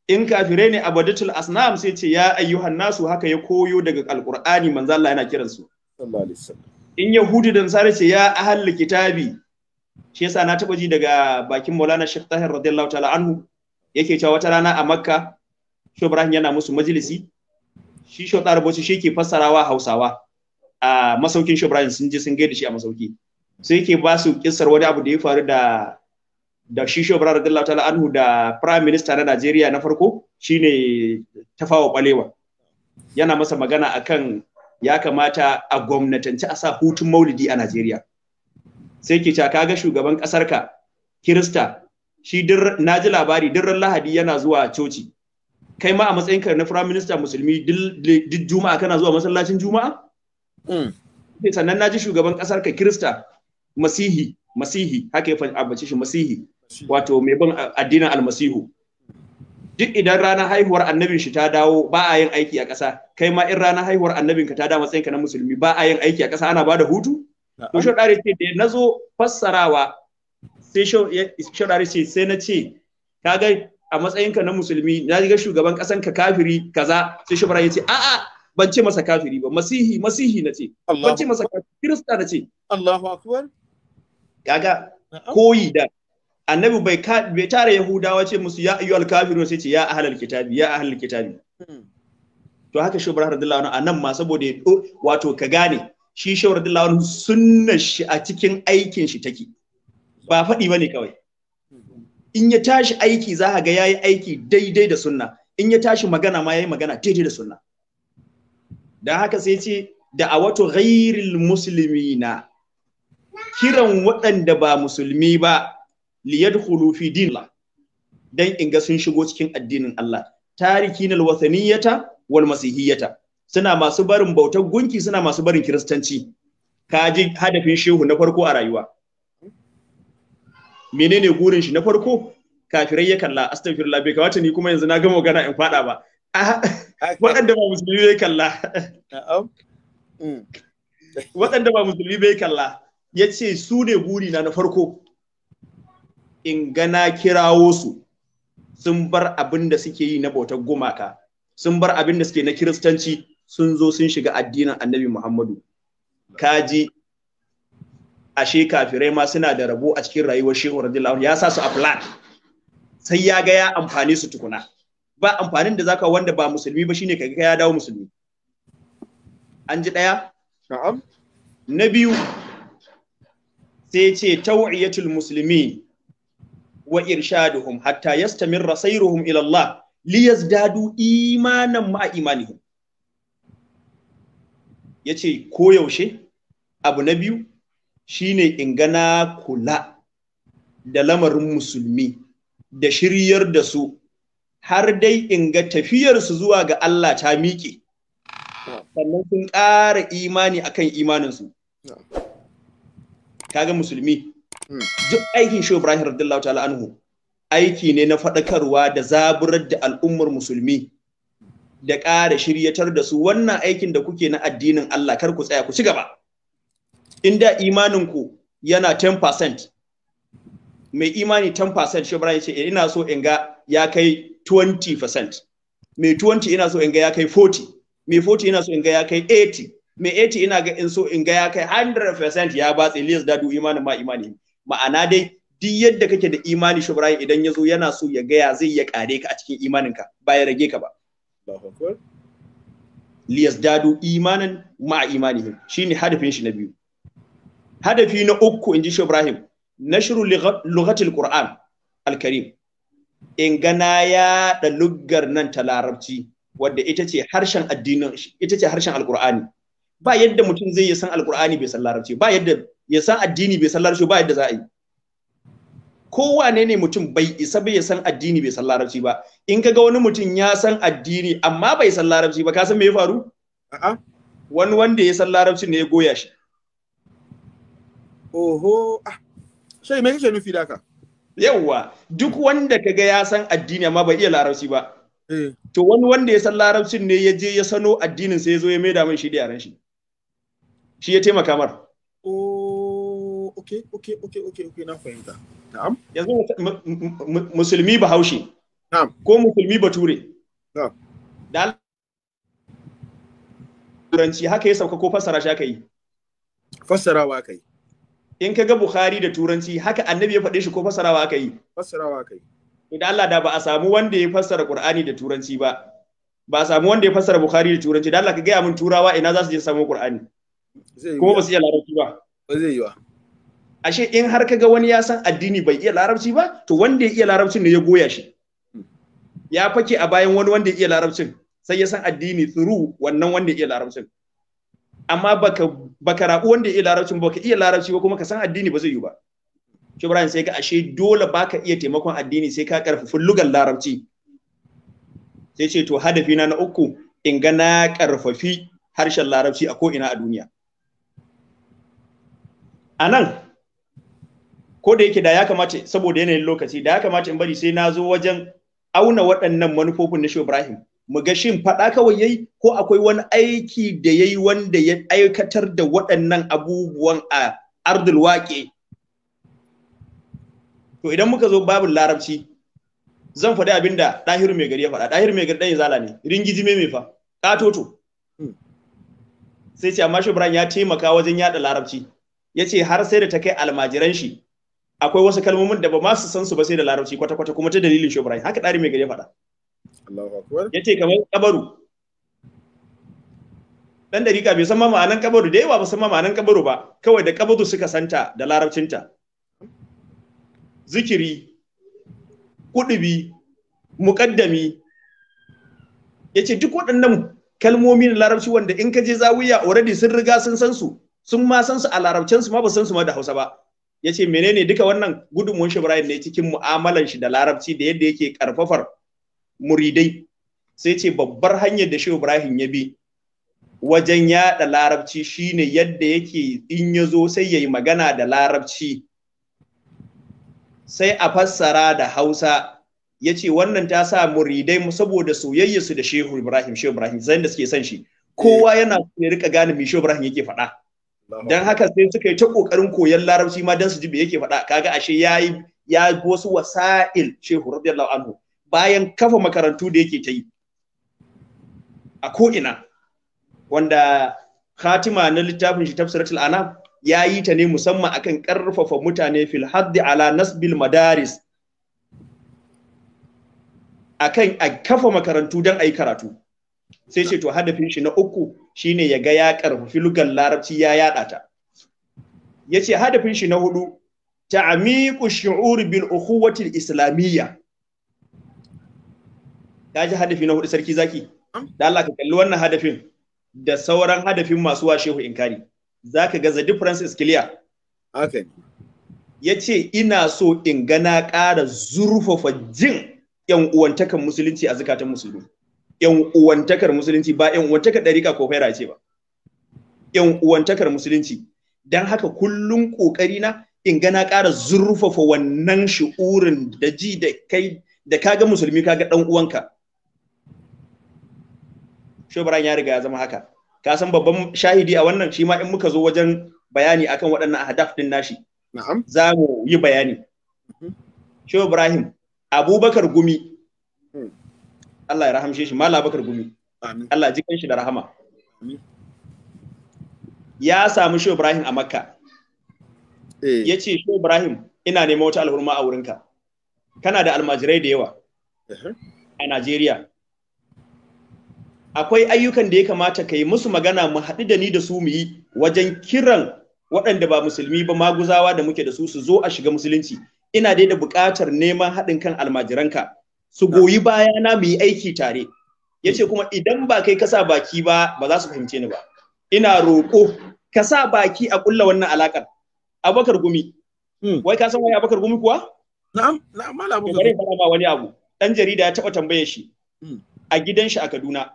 in kafirai ne abadatul asnam sai ce ya ayyuhan nasu haka ya koyo daga alqur'ani manzo Allah yana kiransu sallallahu alaihi wasallam in yahudi dan sare ce ya ahalul kitabi shi yasa na taba ji daga bakin Maulana Sheikh Tahir radiyallahu ta'ala anhu yake cewa wata rana a Makka Sheikh Ibrahim yana musu majalisi shi tsara Taraboci shi ke fassarawa Hausawa a masaukin Sheikh Ibrahim sun je sun gaida shi a masauki sai yake ba su kissar wani abu da ya faru da da shi Sheikh Ibrahim radiyallahu ta'ala anhu da Prime Minister na Najeriya na farko shine Tafawa Balewa yana masa magana akan ya kamata a gwamnatance a sa hutun maulidi a Najeriya sai ke ka ga shugaban kasar ka kirista shi dir ji labari dirran lahadi yana zuwa coci kai ma a matsayin ka na prime minister musulmi duk juma'a kana zuwa masallacin juma'a hmm. eh, sannan na ji shugaban kasar ka kirista masihi masihi haka ya ambace shi masihi wato mai bin addinin almasihu duk idan ranar haihuwar annabin shi ta dawo ba a yin aiki a ƙasa kai ma in ranar haihuwar annabin ka ta dawo matsayin ka na musulmi ba a yin aiki a ƙasa ana bada hutu Mu shaɗari ce da na zo fassarawa sai da ce sai na ce ka ga a matsayinka na musulmi na ga shugaban ƙasan ka kafiri kaza sai shubara ya ce a'a ban ce masa kafiri ba masihi masihi na ce ban ce masa kafiri kirista na ce Allahu akbar kaga koyi da annabi bai bai tare yahudawa ce musu ya ayyuhal kafirun sai ce ya ahlal kitabi ya ahlal kitabi hmm. to haka shubara radiyallahu anhu anan ma saboda wato ka gane shi shawar dillawan sunna shi a cikin aikin shi take ba faɗi bane kawai in ya tashi aiki za ka ga yayi aiki daidai da sunna in ya tashi magana ma ya yi magana daidai da sunna dan haka sai ce da a awatu ghairil na, kiran waɗanda ba musulmi ba liyad fi dinillah dan in ga sun shigo cikin addinin Allah tarikinal wasaniyata wal masihiyata suna masu barin bautar gunki suna masu barin kiristanci ka ji hadafin shehu na farko a rayuwa menene gurin shi na farko kafirai ya kalla astaghfirullah bai kamata ni kuma yanzu na gama magana in fada ba ah, waɗanda ba musulmi bai kalla mm. waɗanda ba musulmi bai kalla ya ce su ne burina na farko in gana kirawo su sun bar abin da suke yi na bautar gumaka sun bar abin da suke na kiristanci sun zo sun shiga addinin annabi Muhammadu. Kaji ashe kafirai ma suna da rabo a cikin rayuwar shehu radiyallahu ya sa su a plan sai ya ga ya amfani su tukuna ba amfanin da zaka wanda ba musulmi ba shine kaga ya dawo musulmi an ji daya na'am na biyu sai ce tawiyatul muslimi wa irshaduhum hatta yastamirra sayruhum ila Allah liyazdadu imanan ma imanihim ya ce koyaushe abu na biyu shine in gana kula da lamarin musulmi da shiryar da su har dai in ga tafiyarsu zuwa ga Allah ta miƙe sannan sun ƙara imani akan imaninsu kaga musulmi hmm. duk aikin shi Ibrahim radiyallahu ta'ala anhu aiki ne na faɗakarwa da zaburar da al'ummar musulmi da ƙara shiryatar da su wannan aikin da kuke na addinin Allah kar ku tsaya ku ci gaba inda imanin ku yana 10% mai imani 10% shi ya ce ina so in ga ya kai 20% mai 20 ina so in ga ya kai 40 mai 40 ina so in ga ya kai 80 mai 80 ina ga in so in ga ya kai 100% ya batse liyas dadu imanin ma imani ma'ana dai duk yadda kake da imani shi idan ya zo yana so ya ga ya zai ya kare ka a cikin imaninka ba ya rage ka ba liyas dadu imanan ma'a imanihim ne hadafin shi na biyu hadafi na uku in ji shi Ibrahim nashru lughatil Qur'an al-Karim in gana ya da luggar nan ta larabci wadda ita ce harshen addinin ita ce harshen alqur'ani ba yadda mutum zai san alqur'ani bai san larabci ba yadda ya san addini bai san larabci ba yadda za a yi kowane ne mutum bai isa bai san addini bai san larabci ba in kaga wani mutum ya san addini amma bai san larabci ba ka san me ya faru a'a wani wanda ya san larabci ne ya goya shi oho ah sai me kake nufi da ka yawa duk wanda kaga ya san addini amma bai iya larabci ba eh. to wani wanda ya san larabcin ne ya je ya sano addinin sai ya zo ya maida min shi da yaran shi shi ya taimaka mar okay okay okay okay okay na fahimta na'am yanzu musulmi bahaushe ko musulmi bature da turanci haka ya sauka ko fassara shi aka yi fassarawa yi in ka ga bukhari da turanci haka annabi ya faɗe shi ko fassarawa aka yi fassarawa aka yi idan Allah da ba a samu wanda ya fassara qur'ani da turanci ba ba a samu wanda ya fassara bukhari da turanci da Allah ka gaya mun turawa ina za su je samu qur'ani kuma ba su iya larabci ba ba zai yi ba ashe in har ka ga wani ya san addini bai iya larabci ba to wanda ya iya larabcin ne ya goya shi ya fake a bayan wani wanda ya iya larabcin sai ya san addini tsuru wannan wanda iya larabcin amma baka baka rabu wanda ya iya larabcin baka iya larabci ba kuma ka san addini ba zai yi ba Ibrahim sai ka ashe dole baka iya taimakon addini sai ka karfafi lugar larabci sai ce to hadafi na na uku in ga na karfafi harshen larabci a ko ina a duniya a nan ko da yake da ya kamata saboda yanayin lokaci da ya kamata in bari sai na zo wajen auna waɗannan manufofin na Ibrahim mu ga shin faɗa kawai yayi ko akwai wani aiki da yayi wanda ya aikatar da waɗannan abubuwan a ardul waƙe to idan muka zo babin larabci zan faɗi abinda da ɗahiru mai gari ya faɗa ɗahiru mai gari ɗan zala ne ringiji mai fa ƙatoto hmm. sai ce amma Ibrahim ya taimaka wajen yaɗa larabci ya ce har sai da ta kai almajiran shi akwai wasu kalmomin da ba ma su san su ba sai da larabci kwata kwata kuma ta dalilin shi haka dari mai gari ya faɗa Ya ce kamar kabaru dan dariƙa bai san ma ma'anan kabaru da yawa ba san ma ma'anan kabaru ba kawai da Kabaru suka santa da larabcinta zikiri kudubi ya ce duk waɗannan kalmomi na larabci wanda in ka je zawiya already sun riga sun san su sun ma san su a larabcinsu su ma ba san su ma da Hausa ba ya ce menene duka wannan gudunmuwan shi Ibrahim ne cikin mu'amalan shi da larabci da yadda yake karfafar muridai sai ce babbar hanyar da shi Ibrahim ya bi wajen yada larabci shine yadda yake in ya zo sai ya yi magana da larabci sai a fassara da hausa ya ce wannan ta sa muridai saboda soyayyarsu da shehu ibrahim shehu ibrahim zai da suke son shi kowa yana so ya rika gane me shehu ibrahim yake faɗa dan haka sai suka yi ta ƙoƙarin koyon larabci ma dan su ji me yake faɗa kaga ashe yayi ya wasu wasa'il shehu radiyallahu anhu bayan kafa makarantu da yake ta yi a ko'ina, wanda khatima na littafin shi tafsiratul anam ya yi ta ne musamman akan ƙarfafa mutane fil haddi ala nasbil madaris akan a kafa makarantu don a yi karatu sai ce to hadafin shi na uku shine ya ga ya karfafi lugan larabci ya yada ta yace hadafin shi na hudu ta'miqu shu'ur bil ukhuwati al islamiyya kaji hadafi na hudu sarki zaki da Allah ka kalli wannan hadafin da sauran hadafin masu wa shehu inkari zaka ga the difference is clear okay yace ina so in gana ƙara zurfafa jin yan uwantakan musulunci a zakatan musulmi yan uwantakar musulunci ba yan uwantakar dariƙa ko faira ce ba yan uwantakar musulunci dan haka kullum kokari na in ga na ƙara zurfafa wannan shi'urin da ji da kai da kaga musulmi kaga dan uwanka shobaran ya riga ya zama haka ka san babban shahidi a wannan shi ma in muka zo wajen bayani akan waɗannan ahadaf din nashi na'am za mu yi bayani mhm. Shehu Abubakar Gumi hmm. Allah ya rahamshe shi Malam Bakar Gumi Allah ji shi da rahama ya samu Shehu Ibrahim a Makka eh. ya ce Shehu Ibrahim ina neman wata alhurma a wurinka kana da almajirai da yawa a Najeriya akwai ayyukan da ya kamata ka yi musu magana mu haɗu da ni da su mu yi wajen kiran waɗanda ba musulmi ba maguzawa da muke da su su zo a shiga musulunci ina dai da buƙatar neman haɗin kan almajiranka su goyi baya na mu yi aiki tare yace kuma idan ba kai kasa baki ba ba za su fahimce ni ba ina roƙo ka sa baki a ƙulla wannan alakar abakar gumi hmm. wai ka san wani abakar gumi kuwa na'am na'am malam abakar gumi bari ma wani abu dan jarida ya taba tambaye shi hmm. a gidan shi a Kaduna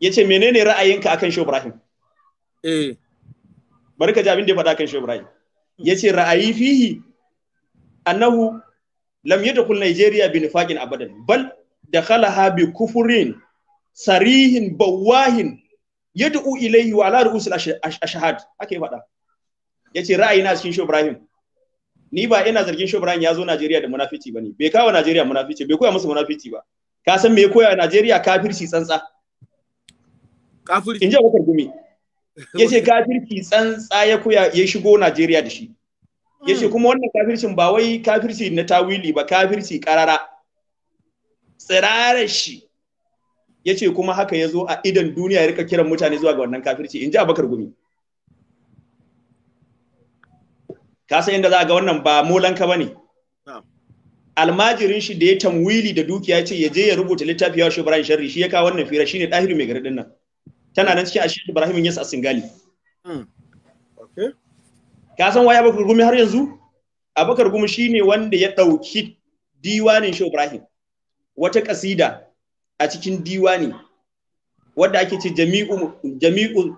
yace menene ra'ayinka akan Shehu Ibrahim eh bari ka ji abin da ya faɗa kan Shehu Ibrahim yace ra'ayi fihi annahu lam yadkhul Najeriya bi nifaqin abadan bal da kala bi kufurin, sarihin bawahin yad'u ilayhi wa ala ru'usil ashhad haka ya faɗa Ya ce ra'ayi na cikin Shehu ni ba ina zargin Shehu ya zo Najeriya da munafici ne. bai kawo Najeriya munafici bai koya masa munafici ba ka san me ya koya Najeriya kafirci tsantsa In ji a Abubakar Gumi yace kafirci tsantsa ya koya ya shigo Najeriya da shi yace mm. kuma wannan kafircin ba wai kafirci na tawili ba kafirci karara tsirarar shi yace kuma haka ya zo a idan duniya ya rika kiran mutane zuwa ga wannan kafirci in ji abakar gumi ka san inda za ga wannan ba molanka ba ne almajirin shi da ya tamwili da dukiya ce ya je ya rubuta littafi ya shi Ibrahim Sharri shi ya kawo wannan fira shine dahiru mai garadin nan tana nan cikin ashirin Ibrahim a Singali. Mm. ka san waye abakar gumi har yanzu abakar gumi shine wanda ya ɗauki diwanin shi ibrahim wata kasida a cikin diwani wadda ake ce jami'u jami'u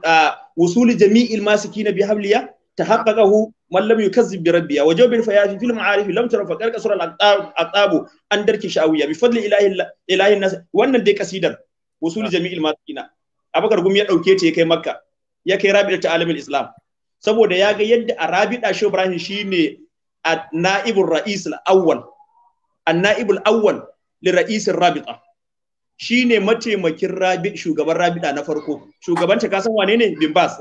usuli jami'il masikina bi habliya tahaqqaqahu man lam yukazzib bi rabbiya wa jawbil fayati fil ma'arif lam tara fa karka sura al-aqabu an darki shawiya bi fadli ilahi ilahi nas wannan dai kasidar usuli jami'il masikina abakar gumi ya dauke ta ya kai makka ya kai ta alamil islam saboda ya ga yadda a rabida shi Ibrahim shine na'ibul ra'is al-awwal an-na'ibul awwal li ra'is rabita shine mataimakin rabi shugaban rabida na farko shugaban ka san wane ne bin bas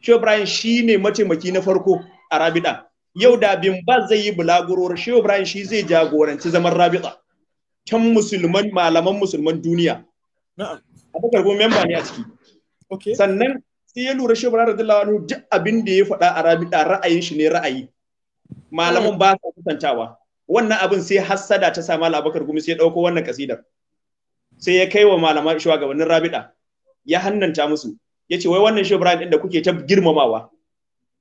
shi Ibrahim shine mataimaki na farko a rabida yau da bin bas zai yi bulaguro shi Ibrahim shi zai jagoranci zaman rabita can musulman malaman musulman duniya na'am abubakar goma memba ne a ciki sannan sai ya lura shi bara radiyallahu anhu duk abin da ya faɗa a rabita ra'ayin shi ne ra'ayi malamin ba sa kusantawa wannan abin sai hassada ta sa malam abakar gumi sai ya dauko wannan kasidar sai ya kai wa malama shugabannin rabita ya hannanta musu ya ce wai wannan shi Ibrahim da kuke ta girmamawa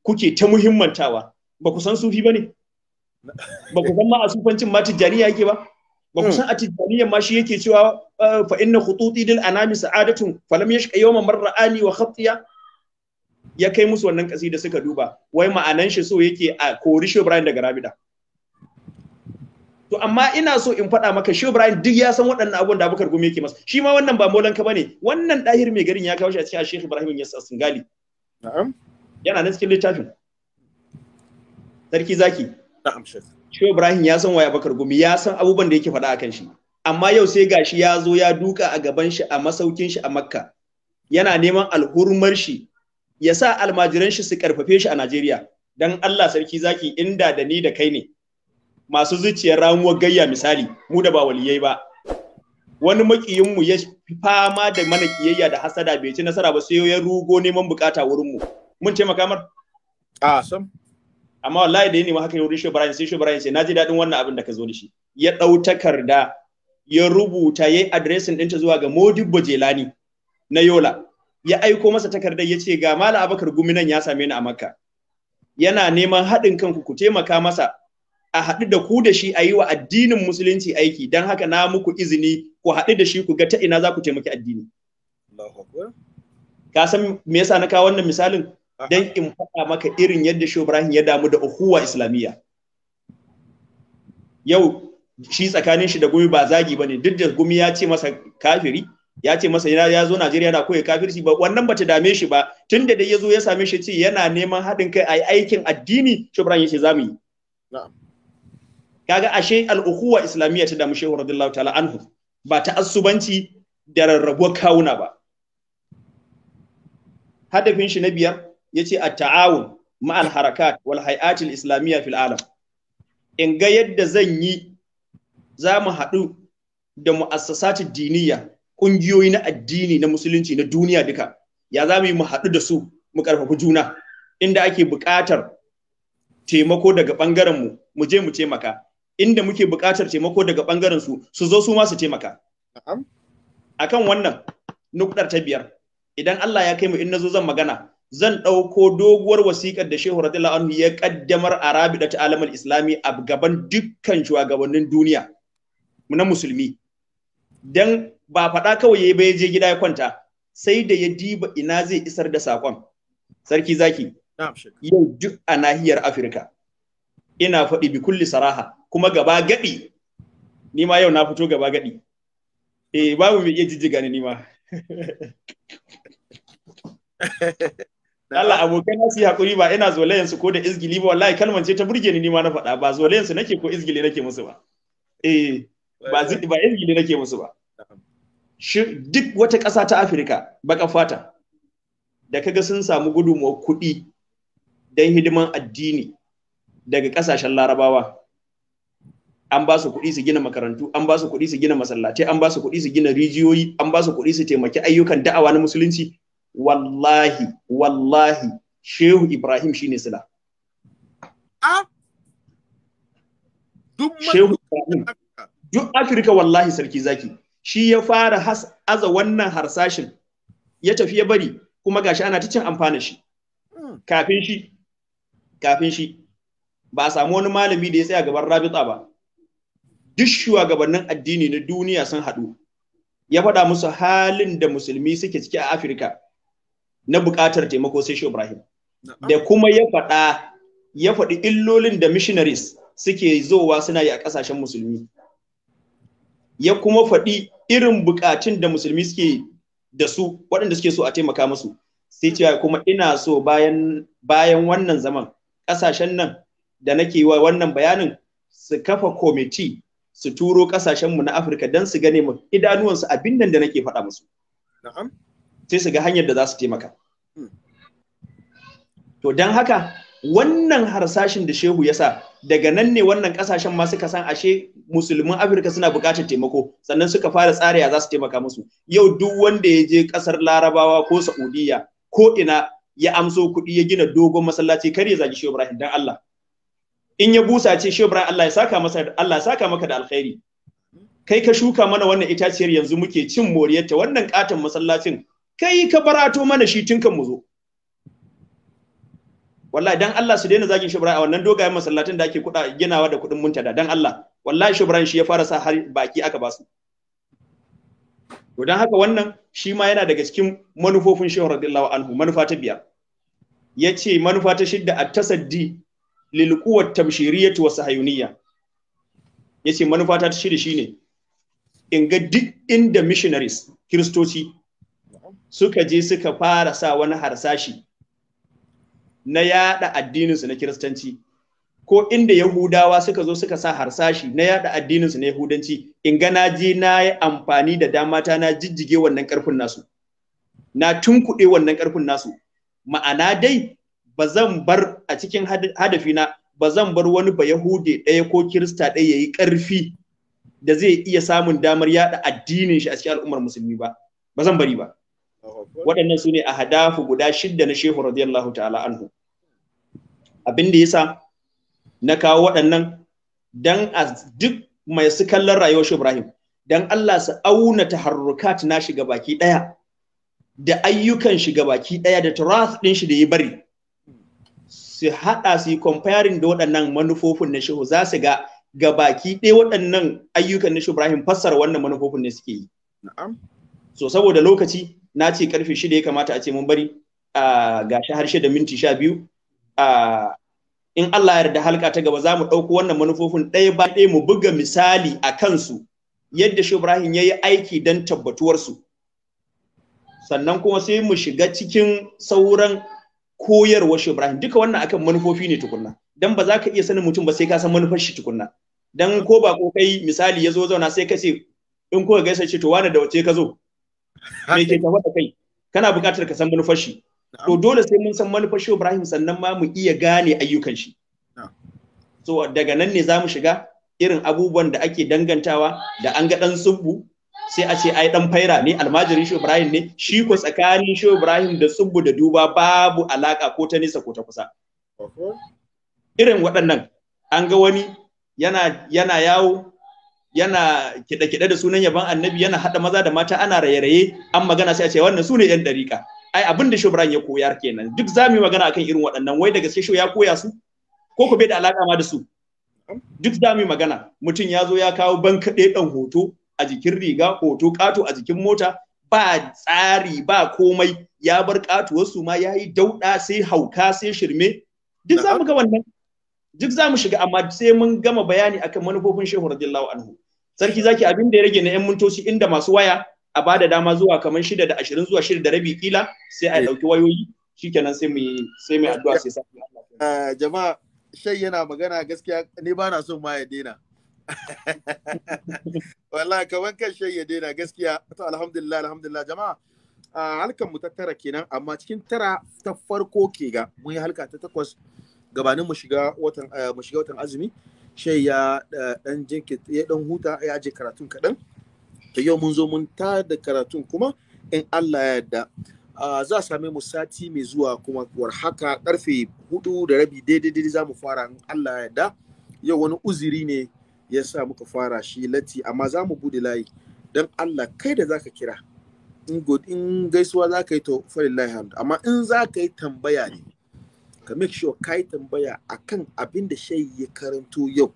kuke ta muhimmantawa ba ku san sufi bane ba ku san ma a sufancin ma tijjaniya yake ba ba ku san a tijjaniyan ma shi yake cewa fa inna khututi dil anami sa'adatun falam yashqa yawman marra ali wa khatiya ya kai musu wannan da suka duba wai ma'anan shi so yake a kori Shehu Ibrahim daga Rabida to amma ina so in faɗa maka Shehu Ibrahim duk ya san waɗannan abun da Abubakar Gumi yake masa shi ma wannan ba molan ka bane wannan dahir mai garin ya kawo shi a cikin Sheikh Ibrahim ya Singali na'am yana nan cikin littafin sarki zaki na'am Shehu Ibrahim ya san waye Abubakar Gumi ya san abubuwan da yake faɗa akan shi amma yau sai gashi ya zo ya duka a gaban shi a masaukin shi a Makka yana neman alhurmar shi ya sa almajiran shi su karfafe shi a Najeriya dan Allah sarki zaki inda da ni da kai ne masu zuciyar ramuwar gayya misali mu da ba waliyai ba wani makiyin mu ya fama da mana kiyayya da hasada bai ci nasara ba sai ya rugo neman bukata wurin mu mun ce makamar a sam amma wallahi da yini ma haka wurin Ibrahim sai Ibrahim sai naji dadin wannan abin da ka zo da shi ya dau takarda ya rubuta yayi addressing ɗinta zuwa ga Modibbo Jelani na Yola ya aiko masa takardar ya ce ga mala abakar guminan ya same ni a makka yana neman haɗin kanku ku taimaka masa a haɗu da ku da shi a yi wa addinin musulunci aiki don haka na muku izini ku haɗu da shi ku ga ta ina za ku taimaki addini ka san me yasa na kawo wannan misalin don in faɗa maka irin yadda shi Ibrahim ya damu da uhuwa islamiyya yau shi tsakanin shi da gumi ba zagi bane duk da gumi ya ce masa kafiri ya ce masa ya zo Najeriya na koyi kafirci ba wannan bata dame shi ba tunda da ya zo ya same shi ce yana neman haɗin kai a aikin addini shubran ya ce za mu yi kaga ashe al'ukuwa islamiyya ta damu shehu radiyallahu ta'ala anhu ba ta asubanci da rarrabuwar kawuna ba hadafin shi na biyar ya ce a taawun ma'al harakat wal hay'atil islamiyya fil alam in ga yadda zan yi za mu haɗu da mu'assasatin diniya ƙungiyoyi na addini na musulunci na duniya duka ya za mu yi mu haɗu da su mu ƙarfafi juna inda ake buƙatar taimako daga ɓangaren mu mu je mu taimaka inda muke buƙatar taimako daga ɓangaren su su zo su ma su taimaka akan wannan nukɗar ta biyar idan Allah ya kai mu in nazo zan magana zan ɗauko doguwar wasiƙar da Shehu radiyallahu anhu ya kaddamar a rabida ta alamar Islami a gaban dukkan shugabannin duniya na musulmi. Dan ba faɗa kawai ya bai je gida ya kwanta sai da ya diba ina zai isar da saƙon sarki zaki yau duk a nahiyar afirka ina faɗi bi kulli saraha kuma gaba gaɗi ni ma yau na fito gaba gaɗi eh babu mai iya jijjiga ni ma (laughs) Allah abokai na su hakuri ba ina zolayen su ko da izgili ba wallahi kalman ce ta burge ni ma na faɗa ba zolayen su nake ko izgili nake musu ba eh ba izgili nake musu ba duk wata ƙasa ta Afirka baka fata da kaga sun samu gudunmuwar kuɗi don hidiman addini daga ƙasashen larabawa an ba su kuɗi su gina makarantu an ba su kuɗi su gina masallatai an ba su kuɗi su gina rijiyoyi an ba su kuɗi su taimaki ayyukan da'awa na musulunci wallahi wallahi shehu ibrahim shine sila ah! shehu ibrahim duk afirka wallahi sarki zaki shi ya fara aza wannan harsashin ya tafi ya bari kuma gashi ana ta cin amfana shi hmm. kafin shi kafin shi ba a samu wani malami da ya tsaya gaban rabita ba duk shugabannin addini na duniya sun haɗu ya faɗa musu halin da musulmi suke ciki a afirka na buƙatar taimako sai shi ibrahim da kuma ya faɗa ya faɗi illolin da missionaries suke zowa suna yi a ƙasashen musulmi ya kuma faɗi irin bukatun da musulmi suke da su waɗanda suke so a taimaka musu sai cewa kuma ina so bayan bayan wannan zaman ƙasashen nan da nake wa wannan bayanin su kafa kwamiti su turo ƙasashenmu na afirka don su gane idanuwansu abin nan da nake faɗa musu sai su ga hanyar da za su taimaka hmm. to don haka wannan harsashin da shehu ya sa daga nan ne wannan kasashen ma suka san ashe musulmin afirka suna bukatar taimako sannan suka fara tsari ya za su taimaka musu yau duk wanda ya je kasar larabawa ko saudiya ko ina ya amso kuɗi ya gina dogon masallaci kar ya zagi shehu ibrahim dan allah in ya busa ce shehu ibrahim allah ya saka masa allah ya saka maka da alkhairi kai ka shuka mana wannan itaciyar yanzu muke cin moriyarta wannan katon masallacin kai ka barato mana shi tun kan mu zo wallahi dan Allah su daina zagin shubrai a wannan dogayen masallatin da ake kuɗa ginawa da kuɗin muntada dan Allah wallahi shubrai shi ya fara sa har baki aka basu to dan haka wannan shi ma yana daga cikin manufofin shehu radiyallahu anhu manufa ta biyar yace manufa ta shidda at-tasaddi lil quwwat tamshiriyyah wa sahayuniyyah yace manufa ta shida shine in ga duk inda missionaries kiristoci suka je suka fara sa wani harsashi na yada addininsu na kiristanci ko inda yahudawa suka zo suka sa harsashi na yada addininsu na yahudanci in ga na je na yi amfani da dama ta na jijjige wannan karfin nasu na tunkuɗe wannan karfin nasu ma'ana dai ba zan bar a cikin hadafi na ba zan bar wani ba yahude ɗaya ko kirista ɗaya ya yi ƙarfi da zai iya samun damar yada addinin shi a cikin al'ummar musulmi ba ba zan bari ba waɗannan su ne a hadafu guda shidda na shehu radiyallahu ta'ala anhu abin da yasa na kawo waɗannan dan a duk mai su kallon rayuwar shi Ibrahim dan Allah su auna taharrukat na shiga baki ɗaya da ayyukan shiga baki ɗaya da turath ɗin shi da ya bari su haɗa su yi comparing da waɗannan manufofin na shehu za su ga ga baki ɗaya waɗannan ayyukan na Ibrahim fassara wannan manufofin ne suke yi. So saboda lokaci na ce karfe shida ya kamata a ce mun bari ga shi harshe da minti sha biyu in Allah yarda halka ta gaba za mu ɗauko wannan manufofin ɗaya ba ɗaya mu buga misali a kansu yadda shi Ibrahim ya yi aiki don tabbatuwarsu sannan kuma sai mu shiga cikin sauran koyarwa shi Ibrahim duka wannan akan manufofi ne tukunna dan ba za ka iya sanin mutum ba sai ka san manufar shi tukunna dan ko ba ko kai misali ya zo zauna sai ka ce in ga sai ce to wane da wace ka zo me ke tafa da kai kana buƙatar ka san manufar shi to dole sai mun san manufar shi Ibrahim sannan ma mu iya gane ayyukan shi so daga nan ne za mu shiga irin abubuwan da ake dangantawa da an ga dan subbu sai a ce ai dan faira ne almajiri shi Ibrahim ne shi ko tsakanin shi Ibrahim da subbu da duba babu alaka ko ta nisa ko ta kusa irin waɗannan an ga wani yana yana yawo yana kiɗe-kiɗe da sunan yaban annabi yana haɗa maza da mata ana raye-raye an magana sai a ce wannan su ne yan ɗariƙa ai abin da shubran ya koya kenan duk za mu yi magana akan irin waɗannan wai da gaske ya koya su ko ku bai da alaƙa ma da su duk za mu yi magana mutum ya zo ya kawo ban kaɗe ɗan hoto a jikin riga hoto ƙato a jikin mota ba tsari ba komai ya bar wasu ma ya yi dauɗa sai hauka sai shirme duk za mu ga wannan duk za mu shiga amma sai mun gama bayani akan manufofin shehu radiyallahu anhu sarki zaki abin da ya rage na yan mintoci inda masu waya a bada dama zuwa kamar shida da ashirin zuwa shida da rabi kila sai a eh. ɗauki wayoyi shikenan sai mu sai mu addu'a sai sai eh, jama'a shai yana magana gaskiya ni ba na son ma ya daina (laughs) wallahi kamar kan shai ya daina gaskiya to alhamdulillah alhamdulillah jama'a ah, halkan mu ta tara kenan amma cikin tara ta farko ke ga mun yi halka ta takwas gabanin mu shiga watan eh, mu shiga watan azumi shai ya dan eh, jinkit ya dan huta ya je karatun kaɗan Ta yau mun zo mun ta da karatun kuma in Allah ya yarda ah, za a same mu sati mai zuwa kuma war haka karfe hudu da rabi daidai daidai za mu fara in Allah ya yarda yau wani uziri ne ya sa muka fara shi latti amma za mu bude layi don Allah kai da zaka kira in gaisuwa za ka yi to hamd amma in za ka yi tambaya ne ka make sure ka yi tambaya a kan abin da shayi ya karanto yau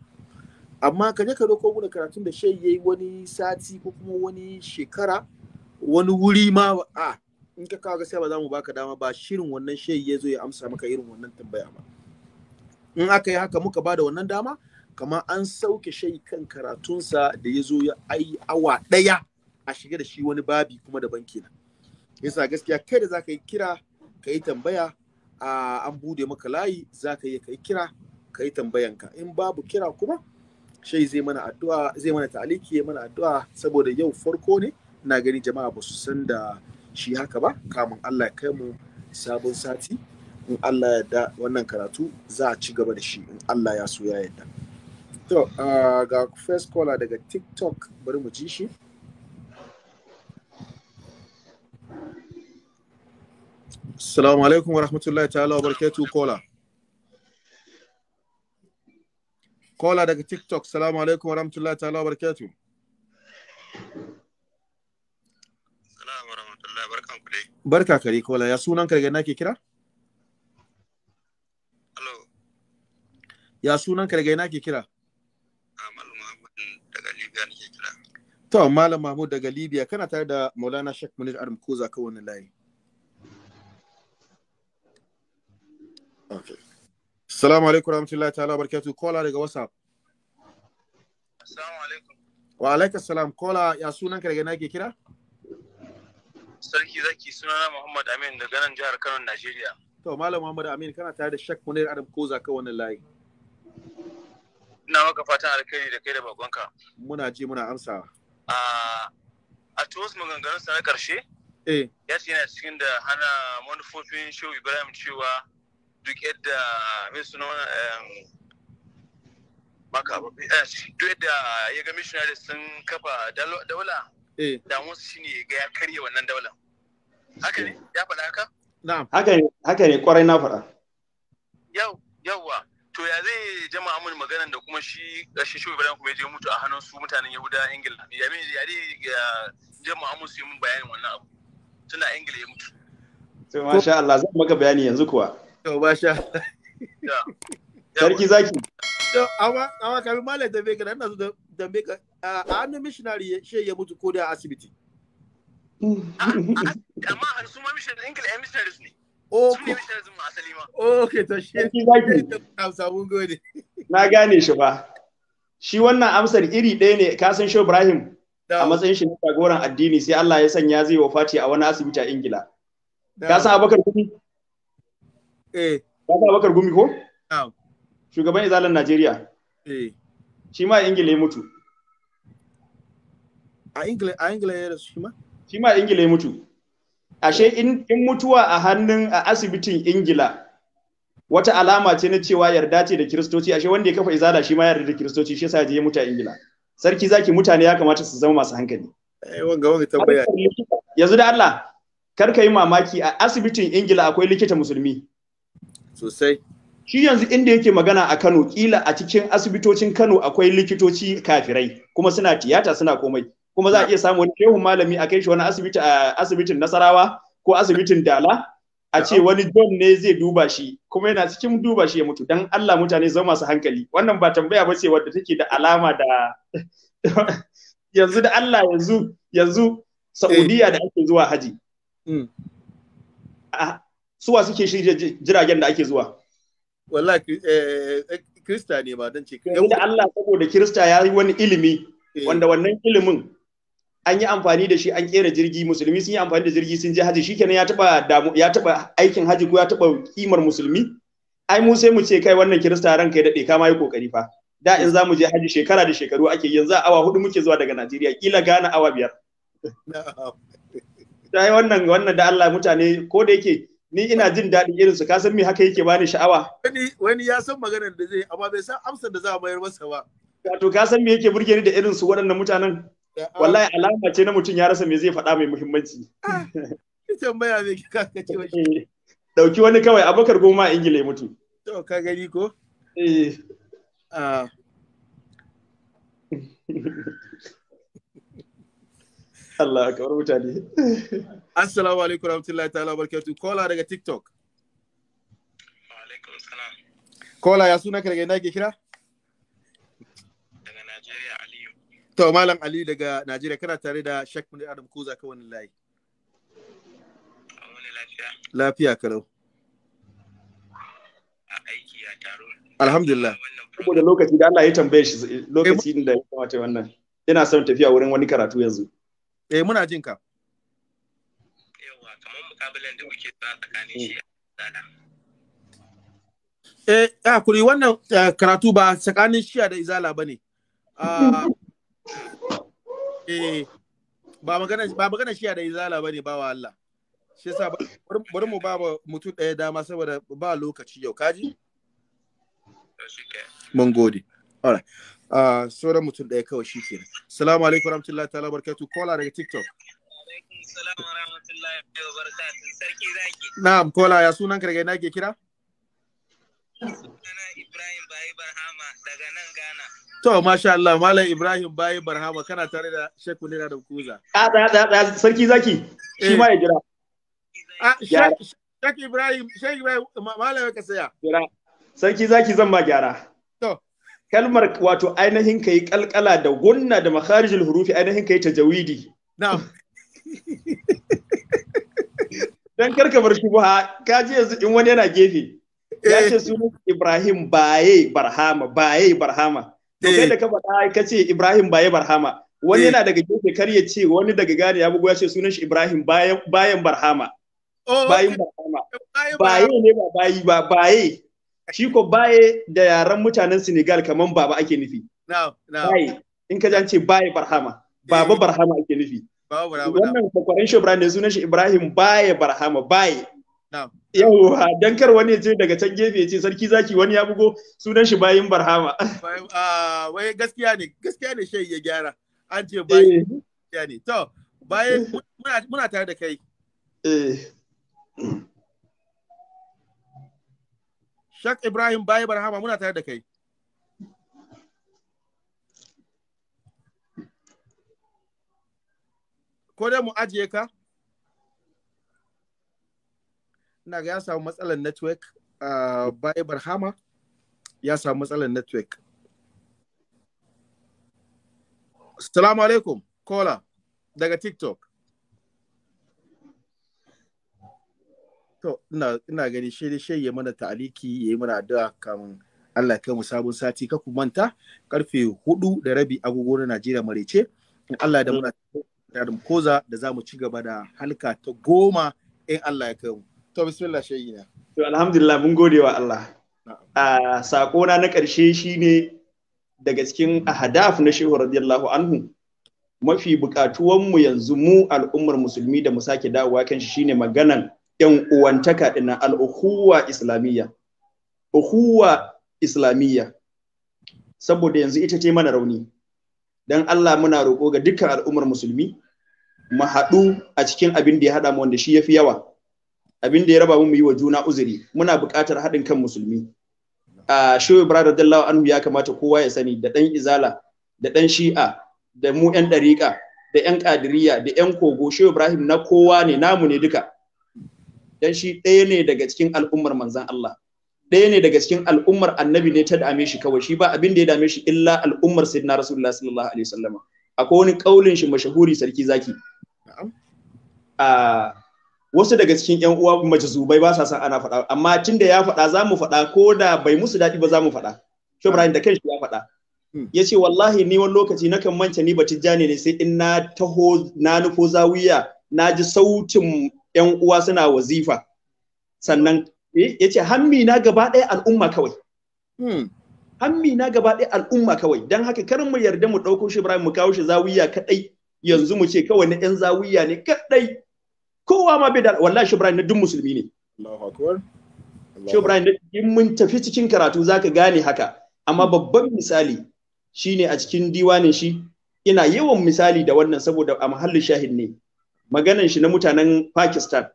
amma ka je ka dauko guda karatun da shayi ya yi wani sati ko kuma wani shekara wani wuri ma a in ka kawo gaskiya ba za mu baka dama ba shirin wannan shayi ya zo ya amsa maka irin wannan tambaya ba in aka yi haka muka ba da wannan dama kamar an sauke shayi kan karatunsa da ya zo ya ai awa ɗaya a shiga da shi wani babi kuma daban kenan yasa gaskiya kai da za ka yi kira ka yi tambaya an bude maka layi za ka yi kai kira ka yi tambayanka in babu kira kuma shai zai mana addu'a zai mana ta'aliki ya mana addu'a saboda yau farko ne na gani jama'a ba su san da shi haka ba kamun Allah ya kai mu sabon sati in Allah ya da wannan karatu za a ci gaba da shi in Allah ya so ya yarda to ga first caller daga TikTok bari mu ji shi Assalamu alaikum wa rahmatullahi ta'ala wa barakatuh kola. Kola daga TikTok. Assalamu alaikum wa rahmatullahi ta'ala wa barakatuh. Assalamu rahmatullahi barkan ku dai. Barka kare kola. Ya sunan kare daga nake kira? Hello. Ya sunan kare daga nake kira? Amal ah, Mahmud daga Libya ke kira. To Malam Mahmud daga Libya kana tare da Maulana Sheikh Munir Armkuza ka wani layi. Okay. Assalamu alaikum rahmatullahi ta'ala barakatuh. Kola daga WhatsApp. Assalamu alaikum. Wa alaikum salam. Kola ya sunan ka daga nake ke kira? Sarki zaki sunana Muhammad Amin daga nan jihar Kano, Najeriya. To Malam Muhammad Amin kana tare da Sheikh Munir Adam Koza ka wannan layi. Ina maka fatan alkhairi da kai da bakonka. Muna ji muna amsa. A a maganganun sa na karshe? Eh. Ya ce yana cikin da hana manufofin Shehu Ibrahim cewa duk yadda eh, duk yadda ya ga missionary sun kafa daula eh. damuwarsu shine ga ya karye wannan daula. haka ne ya faɗa haka? haka ne kwarai na faɗa yau yauwa to ya zai jama amin maganan da kuma shi shi shi ibrahim kuma ya je mutu a hannun su mutanen yahuda ingila ya min ya dai jama amin su yi min bayanin wannan abu tunda ingila ya mutu to masha Allah zan maka bayani yanzu kuwa To masha. Sarki zaki. da Beka da Beka a hannun missionary shi ya mutu ko da asibiti. Amma har su ma missionary eh, oh, Okay. to shi amsa mun gode. Na gane shi ba. Shi wannan amsar iri ɗaya ne kasan san a matsayin shi na jagoran addini sai Allah ya sanya zai wafati a wani asibiti a Ingila. Ka san Abubakar eh Baba Bakar Gumi ko shugaban izalan Najeriya eh shi ma Ingila ya mutu a Ingila a Ingila ya rasu shi ma shi ma Ingila ya mutu ashe in mutuwa a hannun a asibitin Ingila wata alama ce na cewa yarda ce da kiristoci ashe wanda ya kafa izala shi ma yarda da kiristoci shi yasa ya mutu a ingila sarki zaki mutane ya kamata su zama masu hankali eh, wanga wanga yanzu da Allah kar ka yi mamaki a asibitin ingila akwai likita musulmi Sosai. Shi yanzu inda yake magana a Kano kila a cikin asibitocin Kano akwai likitoci kafirai kuma suna tiyata suna komai. Kuma za a iya samu wani shehun malami a kai shi wani asibiti a asibitin Nasarawa ko asibitin Dala a ce wani John ne zai duba shi kuma yana cikin duba shi ya mutu dan Allah mutane zama masu hankali. Wannan ba tambaya ba ce wadda take da alama da (laughs) yanzu da Allah yanzu yanzu Saudiya eh. da ake zuwa haji. Mm. suwa suke shirya jiragen da ake zuwa wallahi eh, eh, krista ne ba don ce da Allah saboda krista ya yi wani ilimi eh. wanda wannan ilimin an yi amfani da shi an kera jirgi musulmi sun yi amfani da jirgi sun je haji shi ya ya taba aikin haji ko ya taba kimar musulmi ai mu sai mu ce kai wannan kirista ranka ya dade kama yi kokari fa da in za mu je haji shekara da shekaru ake yanzu a awa hudu muke zuwa daga Najeriya kila gana awa biyar. Ta (laughs) yi wannan wannan da Allah mutane ko da yake ni ina jin daɗin irin su san me haka yake bani sha'awa wani wani ya san maganar da zai amma bai san amsar da za a bayar masa ba wato ka san me yake burge ni da irin su waɗannan mutanen ah. wallahi alama ce na mutum ya rasa me zai faɗa mai muhimmanci ah, tambaya me ka ka ce wani dauki eh, wani kawai abakar goma ingile mutu to ka gani ko eh ah. (laughs) Allah ka mutane Assalamu alaikum warahmatullahi ta'ala barkatu. Kola daga TikTok. Alaikum salam. Kola ya suna ka daga ina ke kira? Daga Najeriya Aliyu. To Malam Aliyu daga Najeriya kana tare da Sheikh Munir Adam Kuza ka wani layi. Wani lafiya. Lafiya kalau. A aiki ya taro. Alhamdulillah. Kuma da lokaci da Allah ya tambaye shi lokaci eh, da ya kamata wannan. Ina son tafiya wurin wani karatu yanzu. Eh muna jin ka. mukabalan da muke eh, eh, ba tsakanin shi da Eh, ya kuri wannan karatu ba tsakanin shiya da izala ba ne. Ah, eh, ba magana ba magana shiya da izala ba ne ba wa Allah. Shi yasa bari mu ba mutum ɗaya dama saboda ba lokaci yau kaji? Mun gode. Alright. Uh, ah, sauran mutum ɗaya kawai shi ke. Salamu alaikum warahmatullahi ta'ala barkatu kola daga TikTok. Na'am kola ya sunan karge na ke kira? Ibrahim Bayi Barhama daga nan Ghana. To masha Allah Malam Ibrahim Bayi Barhama kana tare da Sheikh Munira da Kuza. Ah, A da da sarki zaki shi eh. ma ya jira. A ah, Sheikh Ibrahim Sheikh Ibrahim Malam ka saya. Jira. Sarki zaki zan ba gyara. To kalmar wato ainihin kai kalkala da gunna da makharijul hurufi ainihin kai tajawidi. Na'am. Kar karka bar shi ba, ka ji yanzu in wani yana gefe. Ya eh. ce sunan Ibrahim baye Barhama, baye Barhama. To kai eh. da ka faɗa ka ce Ibrahim baye Barhama. Wani eh. yana daga gefe kar ya ce wani daga gane ya bugu ya ce sunan shi Ibrahim bayan Barhama. Oh, bayan Barhama. Baye ne ba bayi ba, baye. Shi ko baye da yaren mutanen Senegal kaman baba ake nufi. Baye. In ka ce baye Barhama. Baba Barhama ake nufi. wannan kwakwaran shi ne sunan shi Ibrahim baye barhama baye. yauwa don kar wani ya ce daga can gefe ce sarki zaki wani ya bugo sunan shi bayin barhama (laughs) ah, wai gaskiya ne gaskiya ne shi ya gyara an ce eh. bayin gaskiya ne to bayan (laughs) muna tare da kai eh. Shak Ibrahim baye barhama muna tare da kai ko dai mu ajiye ka ina ga ya samu matsalar network uh, bai barhama ya samu matsalar network Salamu alaikum kola daga tiktok to ina gani shi shi ya mana ta'aliki ya yi mana addu'a kan Allah kai mu sabon sati ka ku manta karfe hudu da rabi agogo na Najeriya marece in Allah da muna Adam Koza da za mu ci gaba da halka ta goma in Allah ya kai mu. To bismillah shayyina. To alhamdulillah mun gode wa Allah. A sakona na ƙarshe shine daga cikin ahadaf na Shehu radiyallahu anhu mafi mu yanzu mu al'ummar musulmi da mu sake dawowa kan shi shine maganan yan uwantaka ɗin al'uhuwa islamiyya. Uhuwa islamiyya. Saboda yanzu ita ce mana rauni. Dan Allah muna roƙo ga dukkan al'ummar musulmi mu haɗu a cikin abin da ya haɗa mu wanda shi yafi yawa abin da ya raba mu yi wa juna uzuri muna buƙatar haɗin kan musulmi a shehu ibrahim radiyallahu anhu ya kamata kowa ya sani da ɗan izala da ɗan shi'a da mu yan ɗariƙa da yan ƙadiriya da yan kogo shehu ibrahim na kowa ne namu ne duka dan shi ɗaya ne daga cikin al'ummar manzan Allah ɗaya ne daga cikin al'ummar annabi ne ta dame shi kawai shi ba abin da ya dame shi illa al'ummar sayyidina rasulullah sallallahu alaihi wasallam akwai wani kaulin shi mashahuri sarki zaki wasu daga cikin yan uwa zubai ba sa san ana faɗa amma tunda ya faɗa za mu faɗa ko da bai musu daɗi ba za mu faɗa shi Ibrahim da kanshi ya faɗa hmm. ya ce wallahi ni wani lokaci na kan manta ni batijjani ne sai in na taho na nufo zawiya na ji sautin yan uwa suna wazifa sannan eh, ya ce hammi na gaba ɗaya al'umma kawai hmm. hammi na gaba ɗaya al'umma kawai don haka kar mu yarda mu ɗauko shi Ibrahim mu kawo shi zawiya kaɗai yanzu mu ce kawai na yan zawiya ne kaɗai kowa ma bai da wallahi shubrai na duk musulmi ne Allahu akbar shubrai in mun tafi cikin karatu zaka gane haka amma hmm. babban misali shine a cikin diwanin shi ina yawan misali da wannan saboda a mahallin shahid ne maganan shi na mutanen Pakistan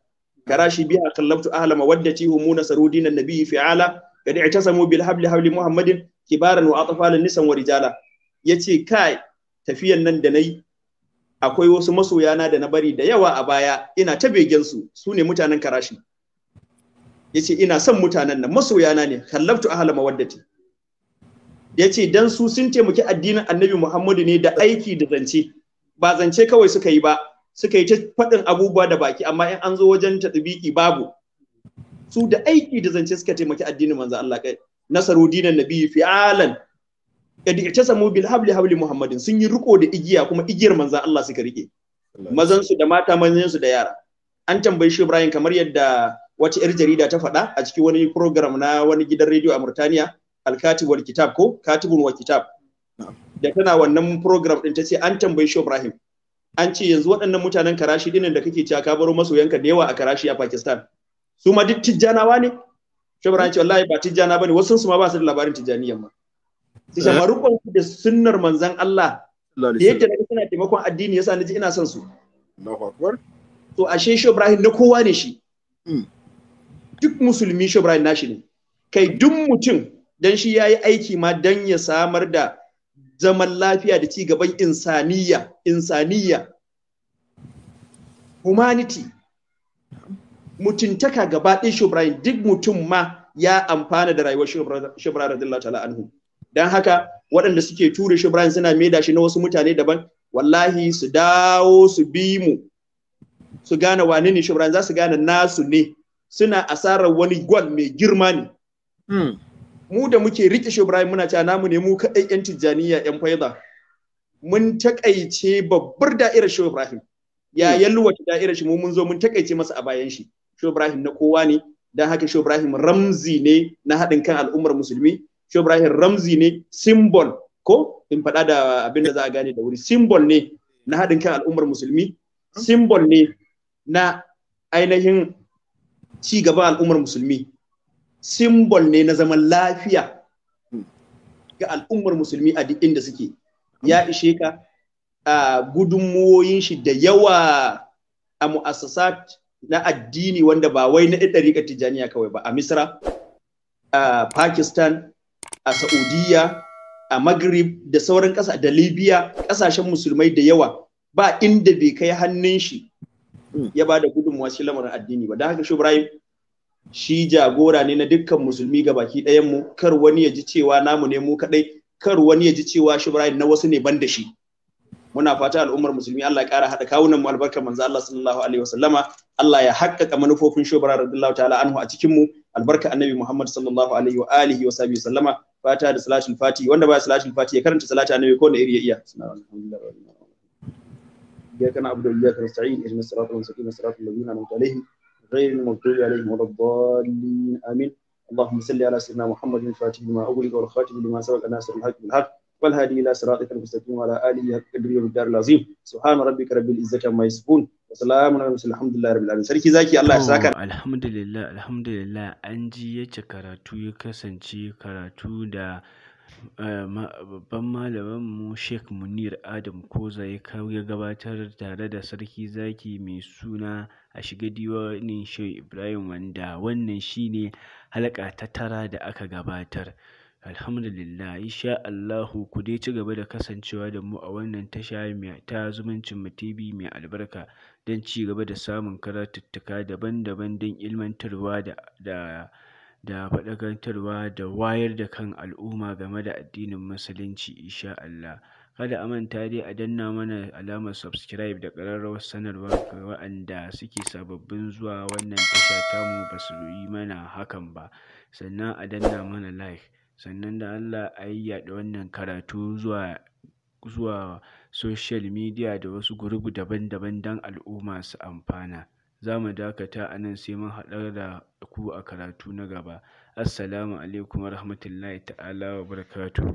karashi biya kallabtu ahla mawaddati humuna sarudina nabiyyi fi'ala kad i'tasamu bil habli habli muhammadin kibaran wa atfalan nisan wa rijala yace kai tafiyan nan da nayi akwai wasu masoyana da na bari da yawa a baya ina ta begensu su ne mutanen karashi yace ina son mutanen nan masoyana ne kallabtu ahla mawaddati yace dan su sun taimaki addinin annabi Muhammadu ne da aiki da zance ba zance kawai suka yi ba suka yi ta faɗin abubuwa da baki amma in an zo wajen tadbiki babu su da aiki da zance suka taimaki addinin manzo Allah kai nasaru dinan nabiyyi fi'alan kad samu bil habli habli muhammadin sun yi riko da igiya kuma igiyar manzon Allah suka rike mazan su da mata manzan su da yara an tambayi shi Ibrahim kamar yadda wata yar jarida ta faɗa a cikin wani program na wani gidan rediyo a Murtaniya al wal kitab ko katibun wa kitab da tana wannan program din ta ce an tambayi shi Ibrahim an ce yanzu waɗannan mutanen Karashi dinin da kake cewa ka baro masoyanka da yawa a Karashi a Pakistan su ma duk tijjanawa ne Shi Ibrahim ce wallahi ba tijjana bane wasu su ma ba su da labarin tijjaniyan ma Eh? su da sunnar manzan Allah da yadda na suna taimakon addini yasa na ji ina son su to ashe shi Ibrahim na kowa ne shi hmm. duk musulmi shi Ibrahim nashi ne kai duk mutum dan shi yayi aiki ma dan ya samar da zaman lafiya da ci gaban insaniya insaniya humanity mutuntaka gaba ɗin Ibrahim duk mutum ma ya amfana da rayuwar Ibrahim radiyallahu ta'ala anhu dan haka waɗanda suke ture shi Brian suna maida shi na wasu mutane daban wallahi su dawo su bi mu su gane wane ne shi za su gane nasu ne suna asarar wani gwal mai girma ne hmm. mu da muke rike shi muna cewa namu ne mu kaɗai yan tijjaniya yan faida mun takaice babbar da'irar shi Ibrahim ya hmm. yalwata da'irar shi mu mun zo mun takaice masa a bayan shi shi Ibrahim na kowa ne dan haka shi Ibrahim ramzi ne na haɗin kan al'ummar musulmi shi Ibrahim ramzi ne simbol ko in faɗa da abin da za a gane da wuri simbol ne na haɗin kan al'ummar musulmi simbol ne na ainihin ci gaban al'ummar musulmi simbol ne na zaman lafiya ga al'ummar musulmi a duk inda suke ya ishe ka a gudunmuwoyin shi da yawa a mu'assasat na addini wanda ba wai na ɗariƙar tijjaniya kawai ba a misra a pakistan a Saudiya, a Maghrib da sauran ƙasa da Libya, ƙasashen musulmai da yawa ba inda bai kai hannun shi ya ba da gudunmuwa shi lamarin addini ba. Da haka shi Ibrahim shi jagora ne na dukkan musulmi ga baki ɗayan mu kar wani ya ji cewa namu ne mu kaɗai kar wani ya ji cewa shi Ibrahim na wasu ne ban da shi. muna fata al'ummar musulmi Allah ya ƙara haɗa kawunan mu albarka manzo Allah sallallahu alaihi wasallama Allah ya haƙƙaƙa manufofin shobara radiyallahu ta'ala anhu a cikin mu albarka annabi Muhammad sallallahu alaihi wa alihi wa sallama fata da salatin fati wanda ba salatin fati ya karanta salata ne ko na iri ya iya suna alhamdulillah ya kana abu da ya kan sa'in irin salatu wa sakin salatu da yana nan alaihi ghayrul maghdubi alaihim waladdallin amin اللهم صل على سيدنا محمد الفاتح والهادي الى صراطك المستقيم وعلى اله الكبير والدار العظيم سبحان ربك رب العزه عما يصفون وسلام على المرسلين الحمد لله رب العالمين سركي zaki الله ya الحمد لله الحمد لله ji yace karatu ya kasance karatu da eh, babban malamin mu Sheikh Munir Adam Koza ya kawo ya gabatar tare da sarki zaki mai suna a shiga diwanin Shehu Ibrahim wanda wannan shine halaka ta tara da aka gabatar Alhamdulillah, insha Allahu ku dai ci gaba da kasancewa da mu a wannan tasha ta zumuncin mu TV mai albarka don ci gaba da samun karatuttuka daban-daban don ilmantarwa da da da faɗakantarwa da wayar da kan al'umma game da addinin musulunci insha Allah. Kada a manta dai a danna mana alamar subscribe da ƙararrawar sanarwa ga waɗanda suke sababbin zuwa wannan tasha tamu ba su yi mana hakan ba, sannan a danna mana like. sannan da Allah a yaɗa wannan karatu zuwa zuwa social media da wasu gurgu daban-daban don al'umma su amfana. Za mu dakata a nan sai mun haɗar da ku a karatu na gaba. Assalamu alaikum wa rahmatullahi ta'ala barakatuhu